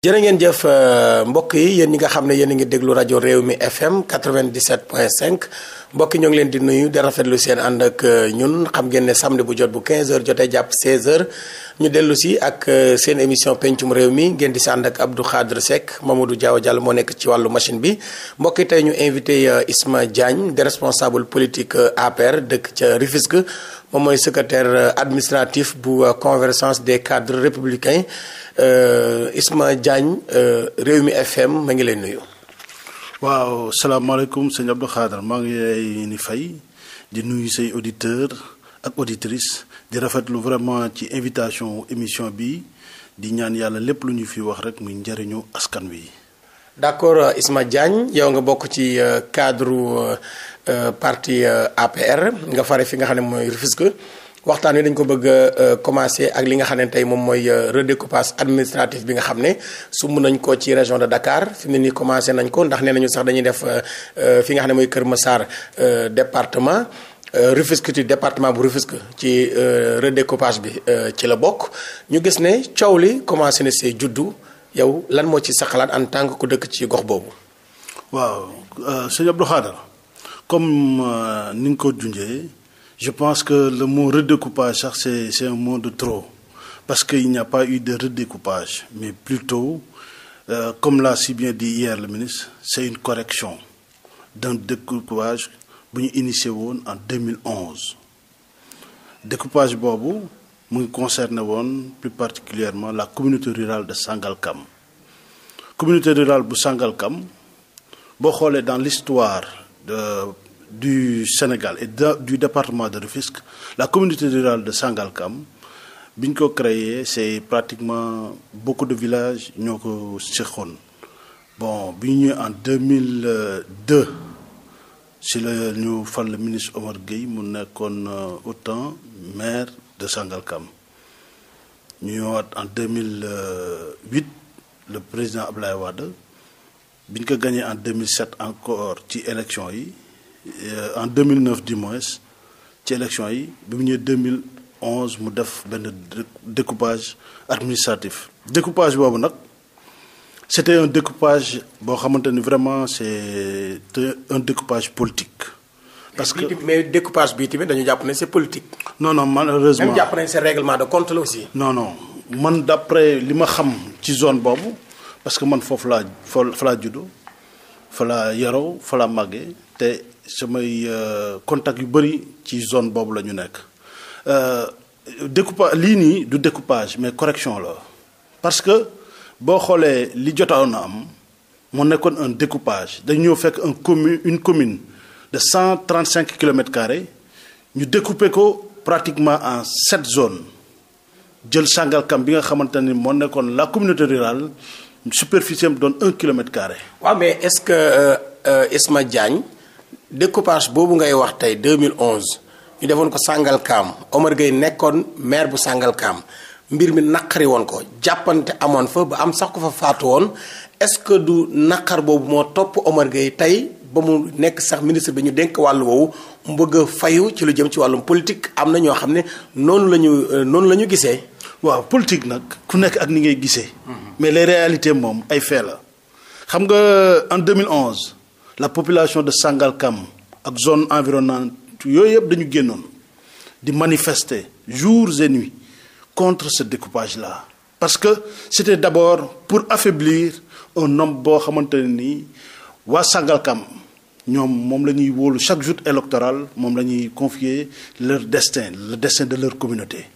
jërë ngeen jëf euh, mbokk yi yéen ñi nga xam ne yéen a ngi déglu rajo réew mi FM 97.5 mbokk yi ñoo ngi leen di nuyu di rafetlu seen ànd ak euh, ñun xam ngeen ne samedi bu jot bu 15h jotee jàpp 16h ñu dellu si ak euh, seen émission pencum réew mi ngeen di si ànd ak Abdou Khadre Seck Mamadou Diaw Diallo moo nekk ci wàllu machine bi mbokk yi tey ñu invité Isma Diagne di responsable politique APR dëkk ca Rufisque moom mooy secrétaire euh, administratif bu euh, convergence des cadres républicains euh, Isma réew mi FM ma ngi lay nuyu. waaw salaamaaleykum sëñ Abdou Khadre maa ngi lay ni fay di nuyu say auditeurs ak auditrice di rafetlu vraiment ci invitation émission bi di ñaan yàlla lépp lu ñu fi wax rek muy njëriñu askan wi. d'accord Isma Diagne yow nga bokk ci cadre Euh, parti euh, APR nga fare fi nga xam ne mooy Rufisque waxtaan wi dañ ko bëgg a euh, ak li nga xam ne tey moom mooy redécoupage administratif bi nga xam ne sumb nañ ko ci région de Dakar fi ne nii commencé nañ ko ndax nee nañu sax dañuy def fi nga xam ne mooy Kër ma Massar département Rufisque ci département bu Rufisque ci copage bi ci la bokk ñu gis ne coow li commencé na see juddu yow lan moo ci sa xalaat en tant dëkk ci gox boobu. waaw comme euh, ni nga ko junjee je pense que le mot redécoupage sax c'est c'est un mot de trop parce que il n'y a pas eu de redécoupage mais plutôt euh, comme l'a si bien dit hier le ministre c'est une correction d'un découpage bu ñu initié woon en 2011 découpage boobu mu ngi concerné woon plus particulièrement la communauté rurale de Sangalkam communauté rurale bu Sangalkam boo xoolee dans l'histoire du Sénégal et du département de Rufisque la communauté rural de Sangalkam bi ñu ko créé c'est pratiquement beaucoup de village ñoo ko seqoon bon bi ñu en 2002 si la ñu fal le ministre Omar Gueye mu nekkoon euh, autant maire de Sangalkam ñu ñëwaat en 2008 le président Ablaye Wade bi ñu ko gagné en deux 2007 encore ci élection yi euh, en 2009 du moins ci élection yi bi mu ñëwee 2011 mu def benn découpage administratif découpage boobu nag c'était un découpage boo xamante ni vraiment c'est un découpage politique. parce que mais découpage bii tamit dañu jàpp ne c'est politique. non non malheureusement même jàpp nañ c'est règlement de compte la aussi. non non man d'après li ma xam ci zone boobu. parce que man foofu laa fa laa juddoo fa laa yaroo fa laa màggee te samay euh, contact yu bëri ci zone boobu la ñu nekk euh, découpage lii nii du découpage mais correction la parce que boo xoolee li jotoon na am moo nekkoon un découpage dañu ñëw fekk un commune une commune de cent trente cinq kilomètres carrés ñu découper ko pratiquement en sept zones jël Sangalkam bi nga xamante ni moo nekkoon la communauté rurale superficie am doon un kilomètre carré. waaw mais est-ce que euh, euh, Isma Diagne découpage boobu ngay wax tey 2011 ñu defoon ko Sangalkam Omar Gueye nekkoon maire bu Sangalkam mbir mi naqari woon ko jàppante amoon fa ba am sax ko fa faatu woon est-ce que du naqar boobu moo topp Omar Gueye tey. ba mu nekk sax ministre bi ñu dénk wàllu woowu mu bëgg a fayu ci lu jëm ci wàllum politique am na ñoo xam ne noonu la ñu euh, noonu la ñu gisee. waaw politique nag ku nekk ak ni ngay gisee. Mhm. mais les réalité moom ay fait la. xam nga en 2011 la population de Sangalkam ak zone environnante yooyu yëpp dañu génnoon di manifester jours et nuits contre ce découpage la parce que c'était d'abord pour affaiblir un homme boo xamante ne nii. waa Sangalkam ñoom moom la ñuy wóolu chaque jour électoral moom la ñuy confier leur destin le destin de leur communauté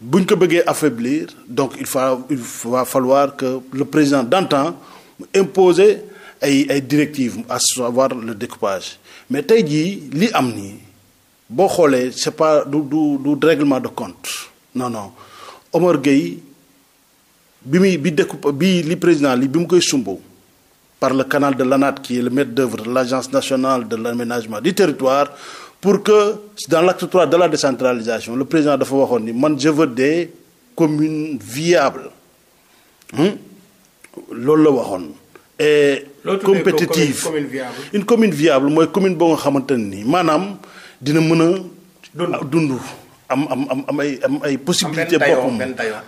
buñ ko bëggee affaiblir donc il faut il va falloir que le président d'antan imposer ay ay directives à savoir le découpage mais tey jii lii am nii boo xoolee c'est pas du du du règlement de compte non non Omar Gueye bi muy bi découp bi li président li bi mu koy sumb par le canal de l'ANAT, qui est le maître d'œuvre de l'Agence nationale de l'aménagement du territoire, pour que, dans l'acte 3 de la décentralisation, le président de Fawahoni, moi, je veux des communes viables, hum? et compétitives. Commune, commune viable. Une commune viable, moi, commune bon, xamanteni, manam, dina mëna dundu am am am am ay am ay possibilité boppam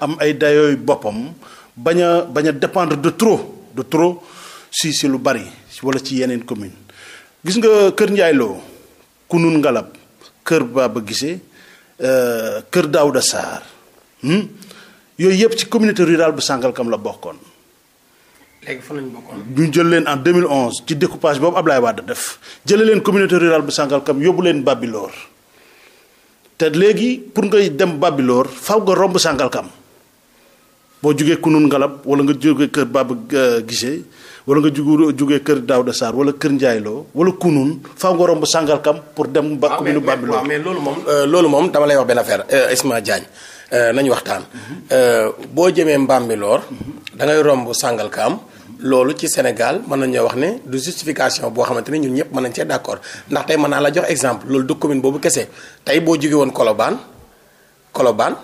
am ay dayooy boppam bañ a bañ dépendre de trop de trop si si lu bari wala ci yeneen commune gis nga Kër Ndiaye Lo Kunun Ngalab Kër Baba Gissé euh, Kër Daouda Sarr hmm? yooyu yëpp ci communauté rurale bu Sangalkam la bokkoon. léegi fan lañu bokkoon. ñu jël leen en 2011 ci découpage boobu Ablaye Wade def jëlee leen communauté rural bu sàngalkam yóbbu leen Bambilor te léegi pour ngay dem Bambilor faw nga romb Sangalkam boo jógee Kunun Ngalab wala nga jógee Kër Baba euh, Gissé. wala nga jugu jugee kër Daouda Sarr wala kër Ndiaye Lo wala Kounoune faaw nga romb Sangalkam pour dem. ba ah, commune Bambilor waaw mais loolu moom. Euh, loolu moom dama lay wax benn affaire euh, Isma Diagne euh, nañu waxtaan. boo jëmee Bambilor. da ngay romb Sangalkam. loolu ci Sénégal mën nañoo wax ne du justification boo xamante ne ñun ñëpp mën nañ cee d'accord ndax tey mën naa la jox exemple loolu du commune boobu kese tey boo jugee woon Colobane Colobane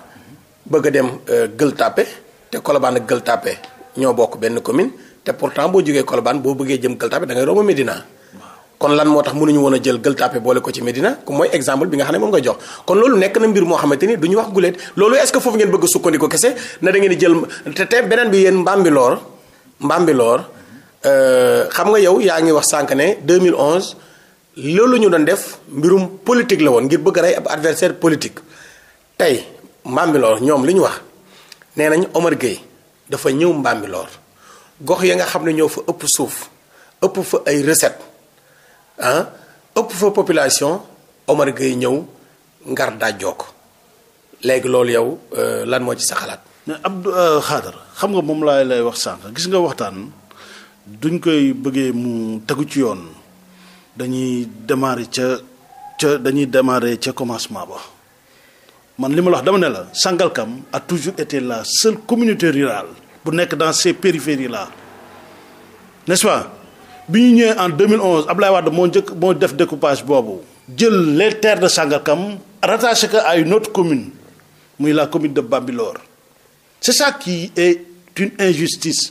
bëgg a dem Gueule Tapée te Colobane ak Gueule Tapée bokk benn commune. te pourtant boo jógee Colobane boo bëggee jëm Gueule-Tapée da ngay kon lan moo tax mënuñu woon a jël Gueule-Tapée boole ko ci Médina ku mooy exemple ne moom nga jox kon loolu nekk na mbir moo xamante ni du ñu wax guleet loolu est-ce que foofu ngeen bëgg a sukkandiku kese na da ngeen di jël te te beneen bi yéen Mbambilor euh, xam nga yow yaa ngi wax sànq ne 2011 loolu ñu doon def mbirum politique la woon ngir bëgg rey ab adversaire politique tey Mbambilor ñoom li ñu wax nee nañ Omar Gueye dafa ñëw Mbambilor gox ya nga xam ne ñëw fa ëpp suuf ëpp fa ay recette ah ëpp fa population Omar Gueye ñëw ngar daajoo ko léegi loolu yow euh, lan moo ci sa xalaat. mais Abdou euh, Khadar xam nga moom laay lay wax sànq gis nga waxtaan duñ koy bëggee mu tegu ci yoon dañuy démarrer ca ca dañuy démarrer ca commencement ba man li ma la wax dama ne la Sangalkam a toujours été la seule communauté rural bu nekk dans ces périphéries là n'est-ce pas bi ñu ñëwee en 2011 Abdoulaye Wade moo njëkk moo def découpage boobu jël les terres de Sangalkam rattaché ko à une autre commune muy la commune de Bambilor c'est ça qui est une injustice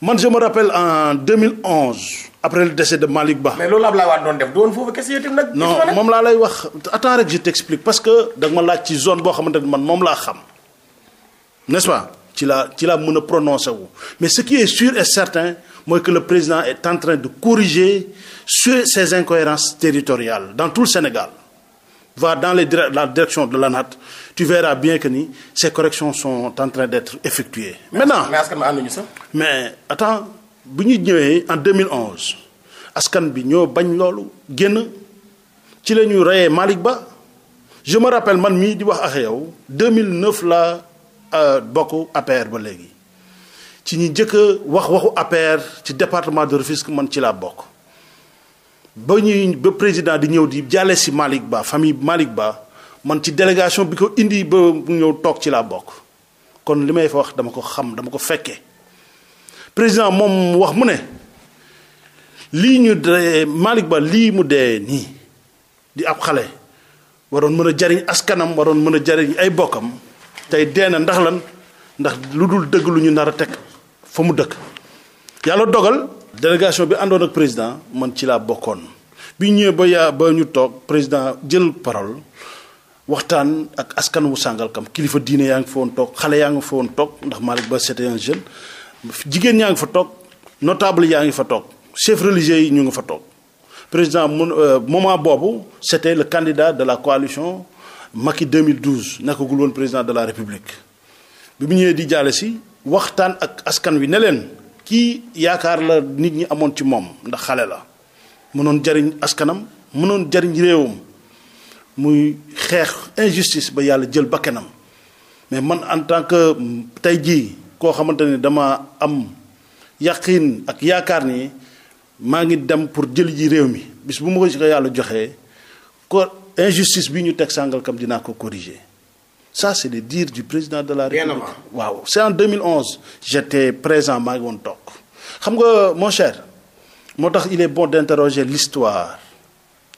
man je me rappelle en 2011 après le décès de Malick Ba. mais loolu Abdoulaye Wade doon def doon foofu kese itam nag. non moom laa lay wax attends rek je t'explique parce que da nga laaj ci zone boo xamante ne man moom laa xam n'est-ce pas. ci la ci la mën a prononcé wu mais ce qui est sûr et certain mooy que le président est en train de corriger sur ces incohérences territoriales dans tout le Sénégal va dans les la direction de l'ANAT tu verras bien que ni ces corrections sont en train d'être effectuées. Mais maintenant mais askan bi ànduñu sax. mais attends bu ñu ñëwee en 2011 askan bi ñoo bañ loolu génn ci la ñuy reyee Malick Ba je me rappelle man mii di wax ak yow 2009 la Euh, bokk APR ba léegi ci ñi njëkk wax waxu APR ci département de Rufisque man ci laa bokk ba ñuy ba président di ñëw di jàlle si Malick Ba famille malik Ba man ci délégation bi ko indi ba ñëw toog ci laa bokk kon li may fa wax dama ko xam dama ko fekke président moom wax mu ne lii ñu dee malik Ba lii mu dee nii di ab xale waroon mën a jariñ askanam waroon mën a jariñ ay bokkam tey dee na ndax lan ndax lu dul dëgg lu ñu nar a teg fa mu dëkk. yàlla dogal délégation bi àndoon ak président man ci laa bokkoon bi ñëwee ba yaa ba ñu toog président jël parole waxtaan ak askan wu Sangalkam kilifa diine yaa ngi fa woon toog xale yaa ngi fa woon toog ndax Malick Ba c'était un jeune jigéen ñaa ngi fa toog notable yaa ngi fa toog chef religieux yi ñu ngi fa toog président mu euh, moment boobu c'était le candidat de la coalition. Macky 2012 nekkagul woon président de la république bi mu ñëwee di jaale si waxtaan ak askan wi ne leen kii yaakaar la nit ñi amoon ci moom ndax xale la mënoon jariñ askanam mënoon jariñ réewam muy xeex injustice ba yàlla jël bakkanam mais man en tant que tey jii koo xamante ne dama am yaqin ak yaakaar ni maa ngi dem pour jël ji réew mi bis bu ma ko si ko yàlla joxee injustice bi ñu teg Sangalkam dinaa ko corriger ça c' le dire du président de la République waaw c' est en 2011 j' étais présent maa ngi woon xam nga mon cher moo tax il est bon d' interroger l'histoire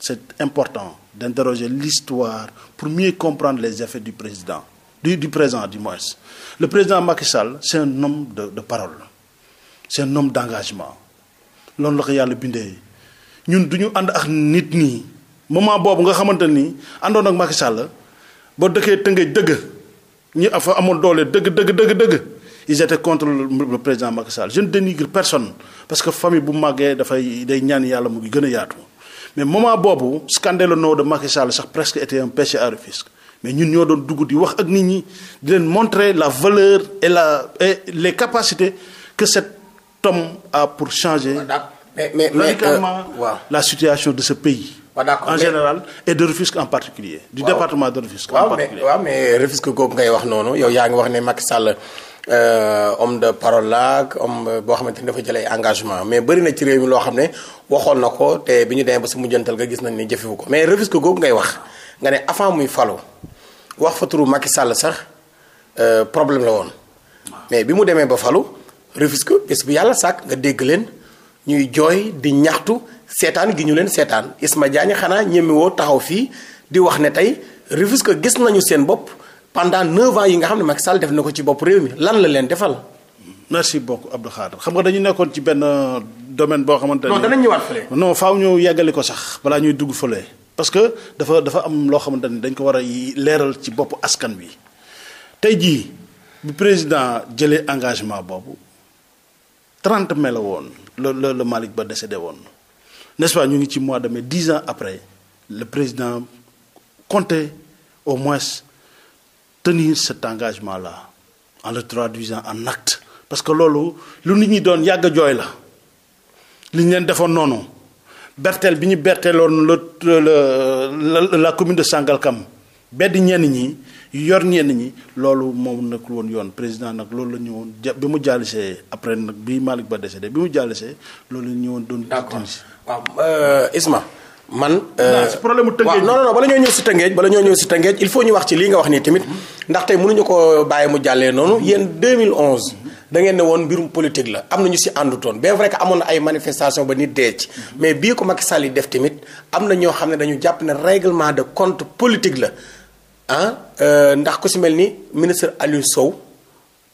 c' est important d' interroger l'histoire pour mieux comprendre les effets du président du du présent du moins le président Macky Sall c' est un homme de de parole c' est un homme d' engagement loolu la ko yàlla bindee ñun du ñu ànd ak nit ñi. moment boobu nga xamante ni àndoon ak Macky Sall ba dëkkee Tëngéej dëgg ñi afa amul doole dëgg dëgg dëgg dëgg ils étaient contre le président Macky Sall je personne parce que famille bu màggee dafay day ñaan yàlla mu gën a yaatu mais moment boobu scandale noo de Macky Sall sax presque était un péché à mais ñun ñoo doon dugg di wax ak nit ñi di leen montrer la valeur et la et les capacités que cet homme a pour changer. mais mais radicalement mais, euh, la situation de ce pays. en général et de Rufisque en particulier du ouais, département de Rufisque. en particulier waaw mais Rufisque googu ngay wax noonu yow yaa ngi wax ne Macky Sall euh, homme de parole la ak boo xamante ni dafa jëlee engagement mais bëri na ci réew mi loo xam ne waxoon na ko te bi ñu demee ba si mujjantal nga gis nañ ni jëfewu ko mais Rufisque googu ngay wax nga ne avant muy falu wax fa turu Macky Sall sax euh, problème la woon. mais bi mu demee yàlla sàkk nga dégg leen. ñuy jooy di ñaxtu seetaan gi ñu leen seetaan Isma Diagne xanaa ñemewoo taxaw fii di wax ne tey Rufisque gis nañu seen bopp pendant neuf yi nga xam ne mag Sall def na ko ci bopp réew mi lan la leen defal. merci beaucoup Abdou Khadre xam nga dañu nekkoon ci benn euh, domaine boo xamante ne. danañ ñëwaat fële. non faaw ñu yàggali ko sax balaa ñuy dugg fële parce que dafa dafa am loo xamante ni dañ ko war a leeral ci bopp askan wi tey jii bu président jëlee engagement boobu trente mai woon. la la la Malick Ba décédé woon n'est-ce ñu ngi ci mois de mai dix ans après le président comptait au moins tenir cet engagement la en le traduisant en acte parce que loolu lu nit ñi doon yàgg a jooy la li ñu leen defoon noonu bertel bi ñu berteloon la la la commune de Sangalkam bedd ñenn ñi yor ñenn ñi loolu moom nag woon yoon président nag loolu la woon ja bi mu jàllisee après nag bi Malick Ba décédé bi mu jàllisee loolu la ñëwoon doon. d'accord waaw euh, Isma. man. Euh, si problème mu Tëngéej non non bala ñoo ñëw si Tëngéej bala ñoo ñëw si Tëngéej il faut ñu wax ci lii nga wax nii tamit ndax tey mënuñu ko bàyyi mu jàllee noonu yéen 2011. da ngeen ne woon mbirum politique la am na ñu si àndutoon bien vrai que amoon na ay manifestation ba nit dee ci mais bii ko Macky Sall yi def tamit am na ñoo xam ne dañu jàpp ne règlement de compte politique la. ah euh, ndax ku si mel ni ministre Aliou Sow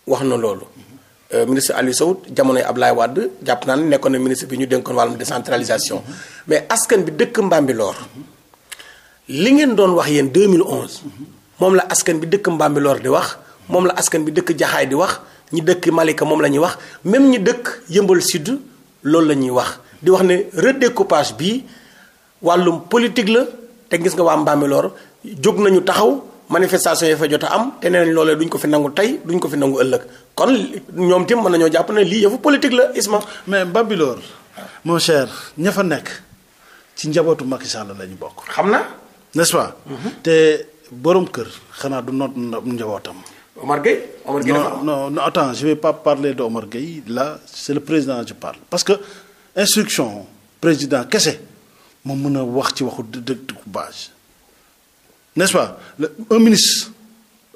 wax na loolu. Euh, ministre Aliou Sow jamonoy Ablaye wàdd jàpp naa ne nekkoon na ministre bi ñu dénkoon wàllum décentralisation mais askan bi dëkk Mbambilor li ngeen doon wax yéen 2011 moom la askan bi dëkk Mbambilor di wax moom la askan bi dëkk Jaxaay di wax ñi dëkk Malika moom la ñuy wax même ñi dëkk Yëmbal Sud loolu la ñuy wax di wax ne redécoupage bi wàllum politique la. te gis nga waa Mbambilor jóg nañu taxaw manifestation yi fa jot a am te nee loolee duñ ko fi nangu tey duñ ko fi nangu ëllëg kon ñoom tim mën nañoo jàpp ne lii yëfu politique la Isma. mais Mbambilor mon ña fa nekk ci njabootu Macky la ñu bokk. xam na. n'est-ce pas. Mhm. te borom kër xanaa du noot njabootam. Omar Gueye Omar Gueye non non non attends je vais pas parler de Omar Gueye là c'est le président je parle parce que instruction président kese. moom mën a wax ci waxu dëgg découpage n'est-ce pas le un ministre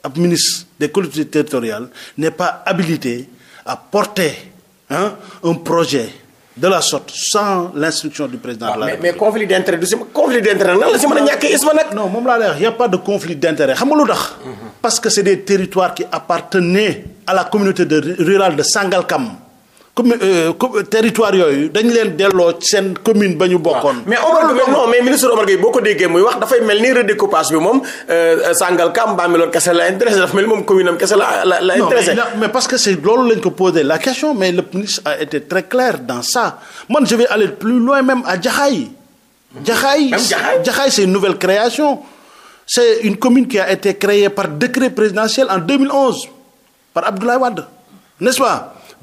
ab ministre des collectivités territoriales n'est pas habilité à porter un projet de la sorte sans l'instruction du président ah, de la mais conflit d'intérêt du si conflit d'intérêt nan la si mën a ñàkkee isma nag. non moom laa lay wax a pas de conflit d'intérêt xam nga lu tax. Mhm. parce que c'est des territoires qui appartenaient à la communauté de rurale de Sangalkam. commune euh, territoire yooyu dañ leen delloo seen commune ba ñu bokkoon. mais Omar Gueye non mais ministre Omar Gueye boo ko déggee muy wax dafay mel ni redécoupage bi moom euh, Sangalkam Bambilor kese la intéressé dafa mel ni moom commune am kese la la la intéressé. mais parce que c'est loolu lañ ko posé la question mais le ministre a été très clair dans ça man je vais aller plus loin même à Jaxaay. Jaxaay Jaxaay c'est une nouvelle création. c'est une commune qui a été créée par décret présidentiel en 2011 par Abdoulaye Wade n'est-ce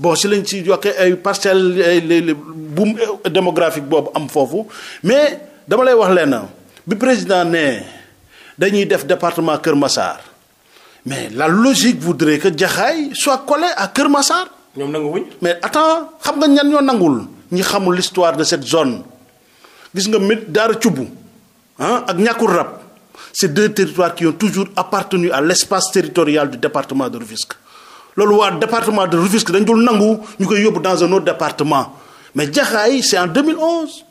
bon si lañ si joxe ay parcelles ay boom démographique boobu am foofu mais dama lay wax lenn bi président ne dañuy def département Kër Massar mais la logique voudrait que Jaxaay soit collé à Kër Massar. ñoom nanguwuñ. mais attends xam nga ñan ñoo nangul ñi xamul l'histoire de cette zone gis nga mit Daara Cubb ah ak Ñàkkur Rab c'est deux territoires qui ont toujours appartenu à l'espace territorial du département de Rufisque loolu waa département de Rufisque dañ dul nangu ñu koy yóbbu dans un autre département mais Jaxaay c'est en 2011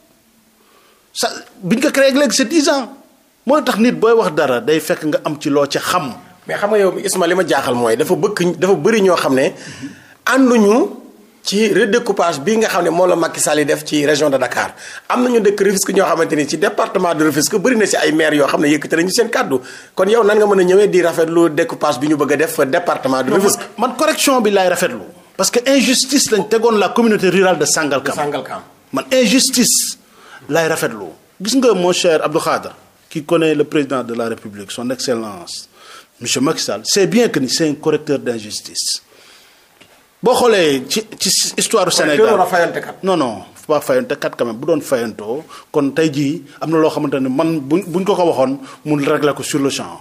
sa biñ ko créé léegi c'est 10 ans mooy tax nit booy wax dara day fekk nga am ci loo ca xam. mais xam nga yow Isma li ma jaaxal mooy dafa bëgg dafa bëri ñoo xam ne ànduñu. ci redécoupage bi nga xam ne moo la Macky Sall yi def ci région de Dakar am nañu dëkk Rufisque ñoo xamante ni ci département de Rufisque bëri na ci ay maire yoo xam ne yëkkati nañu seen kàddu kon yow nan nga mën a ñëwee di rafetlu découpage bi ñu bëgg a def département de Rufisque man correction bi laay rafetlu parce que injustice lañ tegoon la communauté rurale de Sangalkam Sangalkam man injustice laay rafetlu gis nga mon cher Abdou Khadre qui connaît le président de la République son excellence monsieur Macky Sall c'est bien que ni c'est un correcteur boo xoolee ci ci histoire Sénégal non non pas fayontekat quand même bu doon fayantoo kon tey jii am na loo xamante ne man buñ buñ ko ko waxoon mun régler ko sur le champ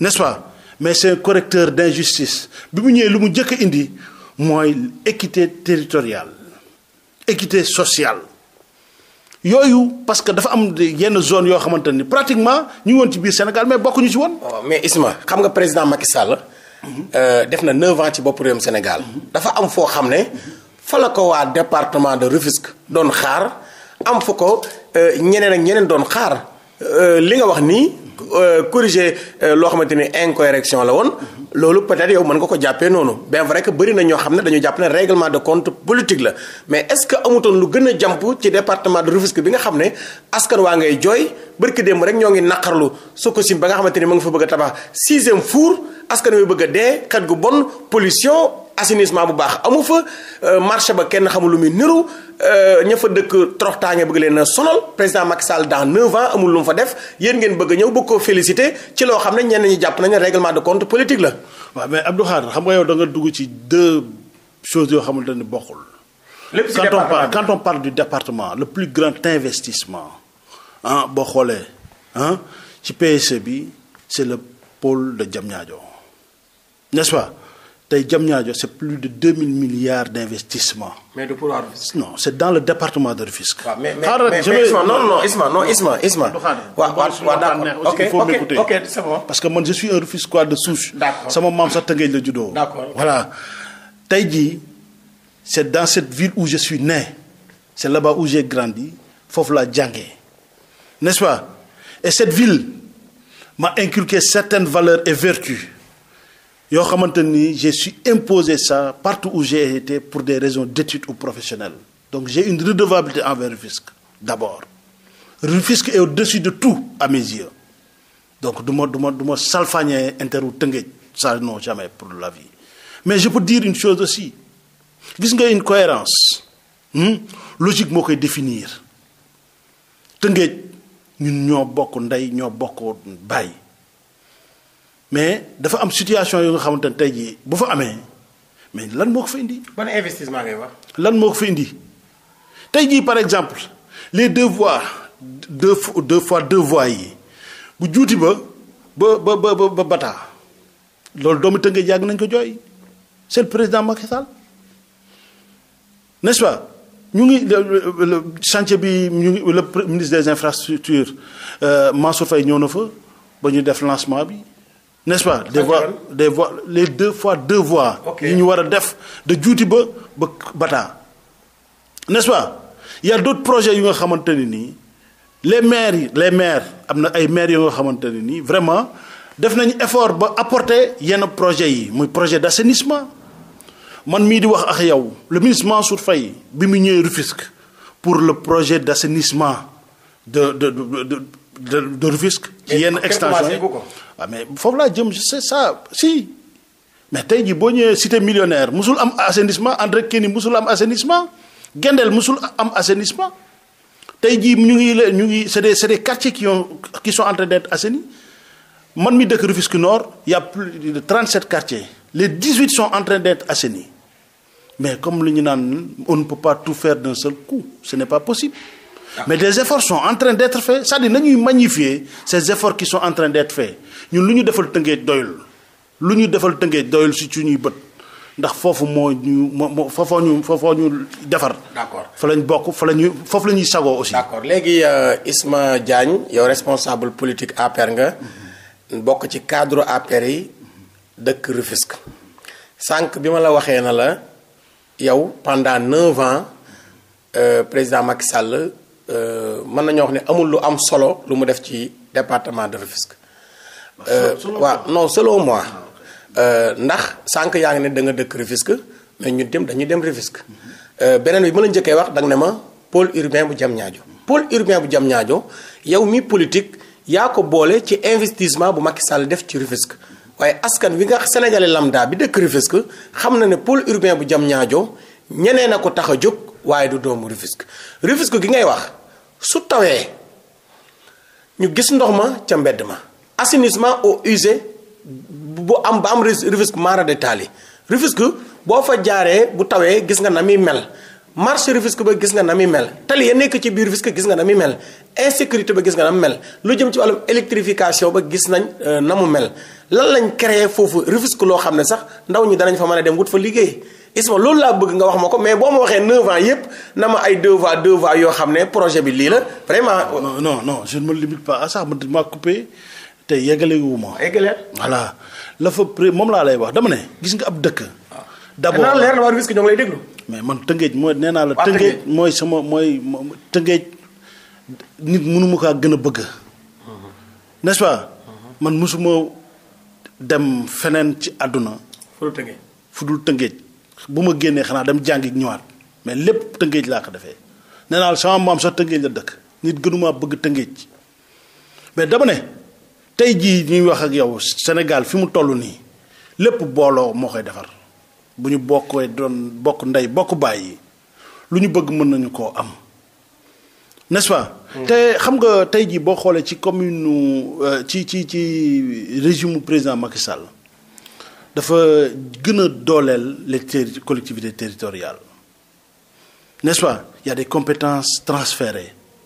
n'est-ce pas mais c'est un correcteur d'injustice bi mu ñëwee lu mu njëkk a indi mooy équité territoriale équité sociale yooyu parce que dafa am yenn zone yoo xamante ni pratiquement ñu woon ci biir Sénégal mais bokkuñu ci woon. Oh, mais Isma xam nga président Macky Sall. Euh, def na 9 ans ci bopp réewum Sénégal. dafa am foo xam ne fa la ko waa département de Rufisque doon xaar am fu ko euh, ñeneen ak ñeneen doon xaar euh, li nga wax nii. Euh, corriger euh, loo xamante ni incorrection la woon loolu peut-être yow mën nga ko jàppee noonu bien vrai que bëri na ñoo xam ne dañu jàpp ne règlement de compte politique la mais est-ce que amutoon lu gën a jàmp ci département de Rufisque bi nga xam ne askan waa ngay jooy barki démb rek ñoo ngi naqarlu Sococim ba nga xamante ni mu nga fa bëgga a tabax sixième four askan wi bëgg a dee xet gu bon pollution assainissement bu baax amu fa euh, marché ba kenn xamul lu muy niru euh, ña fa dëkk troxtaange bëgg leen a sonal président Macky Sall dans 9 ans amul lu mu fa def yéen ngeen bëgg ñëw bëgg koo félicité ci loo xam ne ñeen ñi jàpp nañu règlement de compte politique la. waaw mais Abdou Khadre xam nga yow da nga dugg ci deux choses yoo xamante ne bokkul. lépp quand on parle quand on parle du département le plus grand investissement ah boo xoolee ah ci PSE bi c'est le pôle de Diamniadio nest tey Diamniadio c' est plus de 2000 milliards d' investissement. mais du pouvoir non c' est dans le département de Rufisque. waaw mais mais mais Isma non non Isma non Isma Isma. waaw waaw ok parce que man je suis un Rufisquois de souche. sama maam sax Tëngéej la juddoo. d' tey jii c' est dans cette ville où je suis né c' est là-bas où j'ai grandi foofu laa jàngee n' ce pas et cette ville m'a inculqué certaines valeurs et vertus. yoo xamante ni je suis imposé ça partout où j'ai été pour des raisons d'études ou professionnelles donc j'ai une redevabilité envers Rufisque d'abord Rufisque est au de tout à mes donc du ma du ma du ma salfaañee interu Tëngéej ça non jamais pour la vie mais je peux dire une chose aussi gis nga une cohérence hmm? logique moo koy définir Tëngéej ñun ñoo bokk ndey ñoo bokk bàyyi mais dafa am situation yu nga xamante ne tey jii bu fa amee mais lan moo ko fa indi. ban investissement ngay wax. lan moo ko fa indi tey jii par exemple les deux voies deux deux fois deux voies yi bu juuti ba ba ba ba ba bataa loolu doomu tënkee yàgg nañ ko jooy c'est président Macky Sall n'est-ce pas ñu ngi le chantier bi ñu ngi le ministre des infrastructures euh, Mansour Faye ñëw na fa ba ñu def lancement bi. n'est-ce pas des voies des voies les deux fois deux voies. yi ñu war a def de juuti ba ba bataa nest pas il y a d'autres projets yu nga xamante ne nii les maires les maires am na ay maires yu nga xamante ne nii vraiment def nañu effort ba apporte yenn projets yi muy projet d'assainissement man mii di wax ak yow le ministre Mansour Faye bi mu ñëwee Rufisque pour le projet d'assainissement de de de. de de de Rufisque. ci yenn extension yi waaw ah, mais foofu laa jëm c'est ça si. mais tey jii boo ñëwee cité millionnaire mosul am assenisement assainissement André Kenny musul am assainissement Gendel musul am assainissement tey jii ñu ngi ñu ngi c'est des c'est des quartiers qui ont qui sont en man mi dëkk Rufisque Nord il y a plus de 37 quartiers les 18 sont en train d'être assainis mais comme lu ñu naan on ne peut pas tout faire d'un seul coup ce n'est pas possible. Ah. mais des efforts sont en train d'être faits c'est-à-dire nañuy magnifier ces efforts qui sont en d'être faits ñun lu ñu defal Tëngéej doyul lu ñu defal Tëngéej doyul si ci ñuy bët ndax foofu moo ñu moo foofoo ñu foofoo ñu defar. d'accord fa lañ bokk fa la ñuy foofu la ñuy sagoo aussi. d'accord léegi euh, Isma Diagne yow responsable politique APR nga mhm. bokk ci cadre APR yi dëkk Rufisque sànq bi ma la waxee na la yow pendant neuf ans euh, président Macky Sall. Euh, mën nañoo wax ne amul lu am solo lu mu def ci département de Rufisque. Euh, waaw non selon moi. Ah, euh, ndax sànq yaa ngi ne da nga dëkk Rufisque mais ñun dem dañuy dem Rufisque. beneen bi ma la njëkkee wax da nga ne ma pôle urbain bu Diamniadio. pôle urbain bu Diamniadio yow mi politique yaa ko boole ci investissement bu Macky Sall def ci Rufisque. waaye askan wi nga Sénégalais lambda bi dëkk Rufisque xam na ne pôle urbain bu Diamniadio ñeneen a ko tax a jóg waaye du doomu Rufisque Rufisque gi ngay wax. su tawee ñu gis ndox ma ca mbedd ma assainissement eaux use bu am ba am Rufisque mara de taali Rufisque boo fa jaaree bu tawee gis nga na muy mel marché Rufisque ba gis nga na muy mel tali nekk ci biir Rufisque gis nga na muy mel insécurité ba gis nga nam mel lu jëm ci wàllum électrification ba gis nañ euh, na mu mel lan lañ créé foofu Rufisque loo xam ne sax ndaw ñi danañ fa mën a dem wut fa liggéey Isma loolu laa bëgg nga wax ma ko mais boo ma waxee 9 ans yëpp na ma ay 2 voies 2 voies yoo xam ne projet bi lii la vraiment. non non non je ne me limite pas à ça man coupé te yeggale wu ma. Ah, yeggale voilà la fa pré moom laa lay wax dama ne gis nga ab dëkk. Ah. d' abord danaa leer déglu. mais man tëngeej mooy nee naa la. tëngeej mooy sama mooy tëngeej nit mënu ma kaa gën a bëgg. Mhm. n' pas. Mhm. man mosuma dem feneen ci àdduna. fu dul tëngeej bu ma génnee xanaa dem jàngi ñëwaat mais lépp tëngéej laa ko defee nee naa sama maam sax tëngéej la dëkk nit gënumaa bëgg tëngéej mais dama ne tey jii ñuy wax ak yow Sénégal fi mu toll nii lépp booloo moo koy defar bu ñu bokkee doon bokk ndey bokk bàyyi lu ñu bëgg mën nañu koo am nest hmm. te xam nga tey jii boo xoolee ci commune euh, ci ci ci régime président Macky Sall. dafa gën a dooleel les terri collectivités territoriales n'est-ce pas il y a des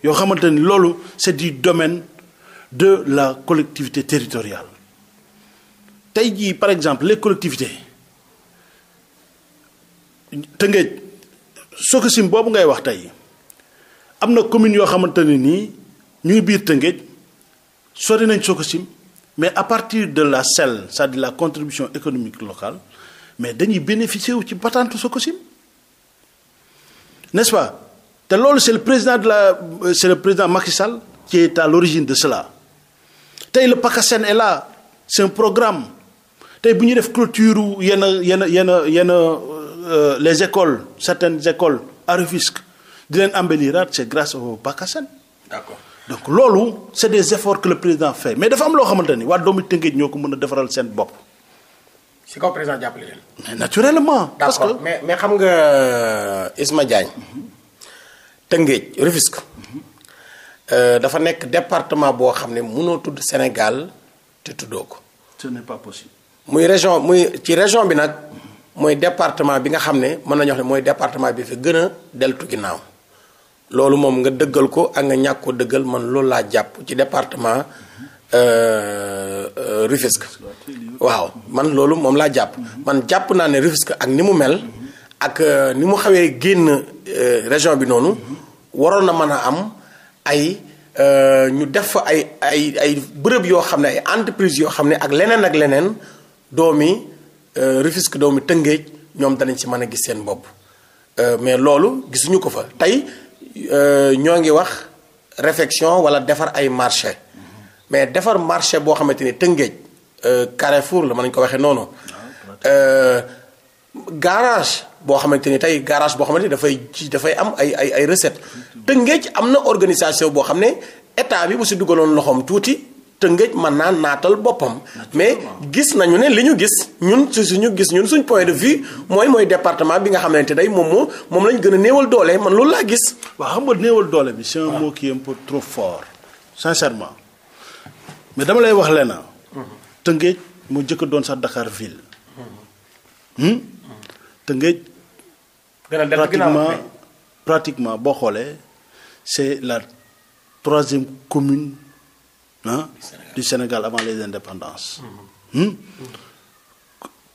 yoo xamante ni loolu c'est du domaine de la collectivité territoriale tey jii par exemple les collectivités Tëngéej Sococim boobu ngay wax tey am na commune yoo xamante ne nii ñuy biir Tëngéej sori nañ Sococim mais à partir de la celle cest à la contribution économique locale mais dañuy bénéficier wu ci batante Sococim n'est-ce pas te loolu c'est le président de la euh, c'est le président Macky Sall qui est à l'origine de cela tey le PACASEN est là c'est un programme tey bu ñuy def clôture yenn yenn yenn yenn euh, les écoles certaines écoles à Rufisque di leen embelliraat c'est grâce au PACASEN donc loolu c'est de efforts que le président fait mais dafa am loo xamante ni waa doomu Tëngéej ñoo ko mën a defaral seen bopp. si kaw président jàppale leen. mais naturellement. parce mais mais xam nga euh, Isma Diagne. Tëngéej Rufisque. Euh, dafa nekk département boo xam ne mënoo tudd Sénégal te tuddoo ko. ce muy région muy ci région bi nag. mooy département bi nga xam ne mën na wax mooy département bi fi gën a deltu ginnaaw. loolu moom nga dëggal ko ak nga ñàkkoo dëggal man loolu laa jàpp ci département euh, euh, Rufisque waaw man loolu moom laa jàpp man jàpp naa ne Rufisque ak ni mu mel ak euh, ni mu xawee génn région bi noonu waroon na mën a am ay ñu def fa ay ay ay bërëb yoo xam ne ay entreprise yoo xam ne ak leneen ak leneen doomi Rufisque doomi Tëngéej ñoom danañ ci mën a gis seen bopp mais loolu gisuñu ko fa tey Euh, ñoo ngi wax réfection wala defar ay marché mais defar marché boo xamante ni Tëngéej euh, Carrefour la mën nañu ko waxee noonu euh, garage boo xamante ni tey garage boo xamante ni dafay ci dafay am ay ay ay recette Tëngéej am na organisation boo xam ne état bi bu si dugaloon loxoom tuuti Tëngéej man naa naatal boppam. mais gis nañu ne li ñu gis ñun ci suñu gis ñun suñ point de vie mooy mooy département bi nga xamante ne moom moo moom lañ gën a néewal doole man loolu laa gis. waa xam nga néewal doole bi c'est un mot qui est un peu trop fort sincèrement mais dama lay wax lenn. Tëngéej mu jëkk doon sax Dakar ville. Hmm? Tëngéej. gën pratiquement pratiquement boo xoolee c'est la troisième commune. ah du Sénégal avant les indépendances hmm?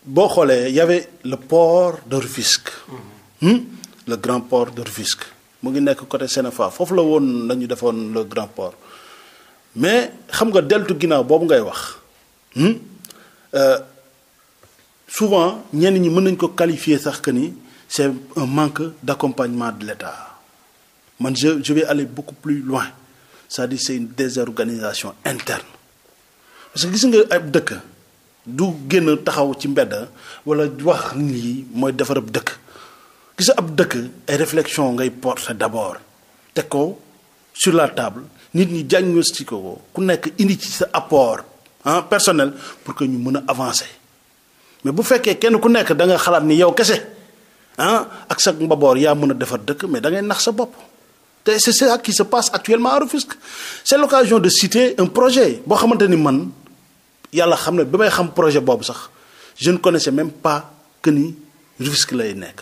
boo xoolee y le port de Rufisque hmm? Hmm? le grand port de Rufisque mu ngi nekk côté Sénéfa foofu la woon la ñu defoon le grand port mais xam nga deltu ginnaaw boobu ngay wax euh, souvent ñenn ñi mën nañ ko qualifier sax que ni c'est un manque d'accompagnement de l'État man je je vais aller beaucoup plus loin sa di dire c'est une désorganisation interne parce que gis nga ab dëkk du génn taxaw ci mbedd wala wax lii mooy defar ab dëkk gis ab dëkk ay réflexion ngay porter d'abord teg ko sur la table nit ñi diagnostiqué ko ku nekk indi ci sa apport ah personnel pour que ñu mën a avancer mais bu fekkee kenn ku nekk da nga xalaat ni yow kese ah ak sa mbaboor yaa mën a defar dëkk mais da ngay nax sa bopp. c'est ça qui se passe actuellement à Rufisque c'est l'occasion de citer un projet boo xamante ni man yàlla xam ne ba may xam projet boobu sax je ne connaissais même pas que ni Rufisque lay nekk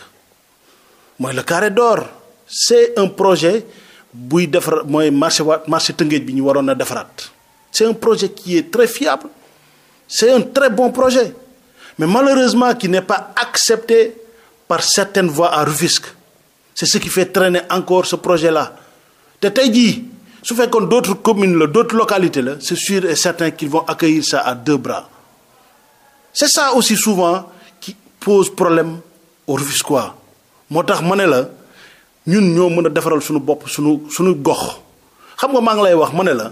mooy le carré d'or c'est un projet buy defar mooy marché wa marché tëngéej bi ñu waroon a defaraat c'est un projet qui est très fiable c'est un très bon projet mais malheureusement qui n'est pas accepté par certaines voies à Rufisque c'est ce qui fait traîner encore ce projet la te tey jii su fekkoon d'autres communes la d'autres localités la c'est sûr et certain qu'ils vont accueillir ça à deux bras c'est ça aussi souvent qui pose problème au quoi moo tax ma ne la ñun ñoo mën a defaral suñu bopp suñu suñu gox xam nga maa ngi lay wax ma ne la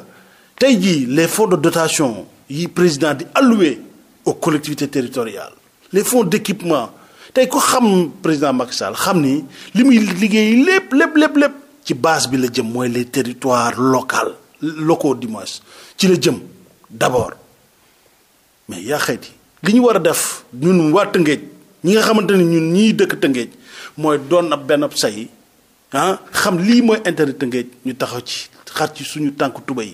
tey jii les fonds de dotation yi président di allouer aux collectivités territoriales les fonds d'équipement tey ko xam président Macky Sall xam ni li muy liggéey lépp lépp lépp lépp ci base bi la jëm mooy les territoires locaux locaux dimanche ci la jëm d'abord mais yaa xayti li ñu war a def ñun waa Tëngéej ñi nga xamante ni ñun ñiy dëkk Tëngéej mooy doon ab benn say ah xam lii mooy intérêt Tëngéej ñu taxaw ci xar ci suñu tànk tubéy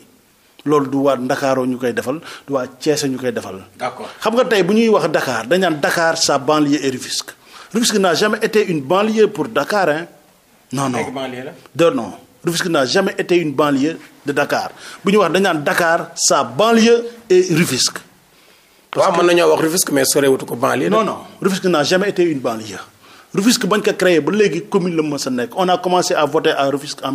loolu du waa Ndakaaroo ñu koy defal du waa Thiès ñu koy defal. d'accord xam nga tey bu ñuy wax dakaar dañaan dakaar Dakar sa banlieue et Rufisque Rufisque n'a jamais été une banlieue pour Dakar hein. non non de non Rufisque n'a jamais été une banlieue de Dakar bu ñu wax dañ naan Dakar sa banlieue et Rufisque. waaw mën nañoo wax Rufisque mais sorewutu ko banlieue. non non Rufisque jamais été une banlieue. Rufisque bañ ko créé ba léegi commune la mës a nekk on a commencé à voter à Rufisque en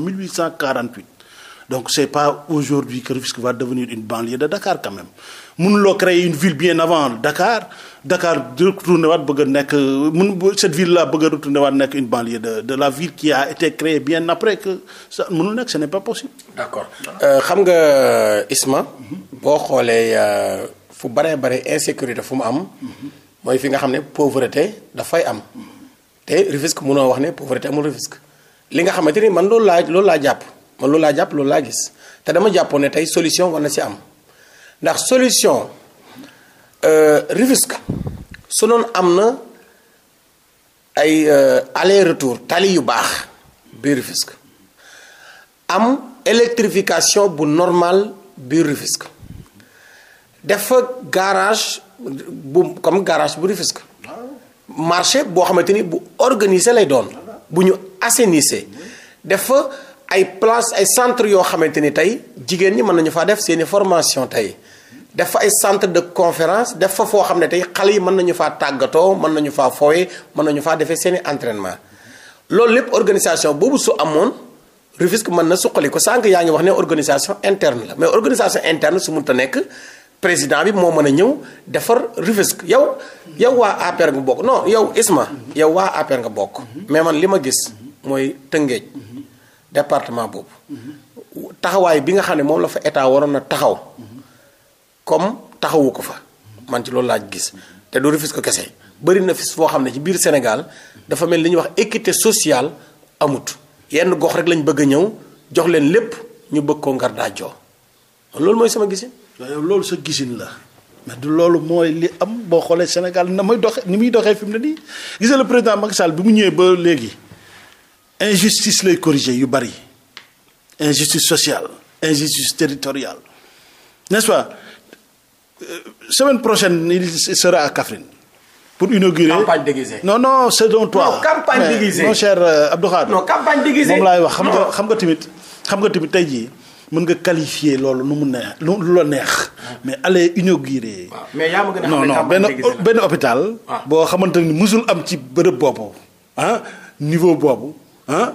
donc c'est pas aujourd'hui que Rufisque va devenir une banlieue de Dakar quand même mënuloo créer une ville bien avant Dakar Dakar retourné waat bëgg a nekk mun cette ville là bëgg a retourné waat nekk une banlieue de de la ville qui a été créée bien après que ça mënul nekk ce n'est pas possible. d'accord euh, xam nga Isma. boo xoolee euh, fu baree bare insécurité fu mu am. mooy fi nga xam ne pauvreté dafay am. te Rufisque mënoo wax ne pauvreté amul Rufisque li nga xamante ni man loolu laa loolu laa jàpp. man loolu laa jàpp loolu laa gis te dama jàppoon ne tey solution war na si am ndax solution euh, Rufisque su noonu am na ay euh, aller retour tali yu baax biir Rufisque am électrification bu normal biir Rufisque def fa garage bu comme garage bu Rufisque marché boo xamante ni bu organisé lay doon bu ñu assainissé def ay place ay centre yoo xamante ni tey jigéen ñi mën nañu faa def seeni formation tey def ay centre de conférence def fa foo xam ne tey xale yi mën nañu faa tàggatoo mën nañu faa fooye mën nañu faa defee seeni entraînement loolu lépp organisation boobu su amoon Rufisque mën na suqali ko sànq yaa ngi wax ne organisation interne la mais organisation interne su mun mënta nekk président bi moo mën a ñëw defar Rufisque yow yow waa APR nga bokk non yow Isma yow waa APR nga bokk mais man li ma gis mooy Tëngéej département boobu. taxawaay bi nga xam ne moom la fa état waroon na taxaw. comme taxawu ko fa. man ti loolu laaj gis te du ko kese bëri na fi foo xam ne ci biir Sénégal dafa mel li ñuy wax équité sociale amut yenn gox rek lañu bëgg ñëw jox leen lépp ñu bëgg ko ngar daa joo loolu mooy sama gisin. yow loolu sa gisin la. mais du loolu mooy li am boo xoolee Sénégal na may doxe ni muy doxee fi mu ne nii gisee le président Macky Sall bi mu ñëwee ba léegi. injustice lay corriger yu bari injustice sociale injustice territoriale n'est-ce pas euh, semaine prochaine ni sera à pour inaugurer campagne déguisée. non non c'est euh, donc moom laay wax xam nga xam nga tamit xam nga tamit tey jii. mën nga qualifier loolu nu mu neex lu la neex mais aller inaugurer. waaw yaa ma gën a xam ne benn benn hôpital. Ah. boo xamante ni musul am ci bërëb boobu ah niveau boobu. ah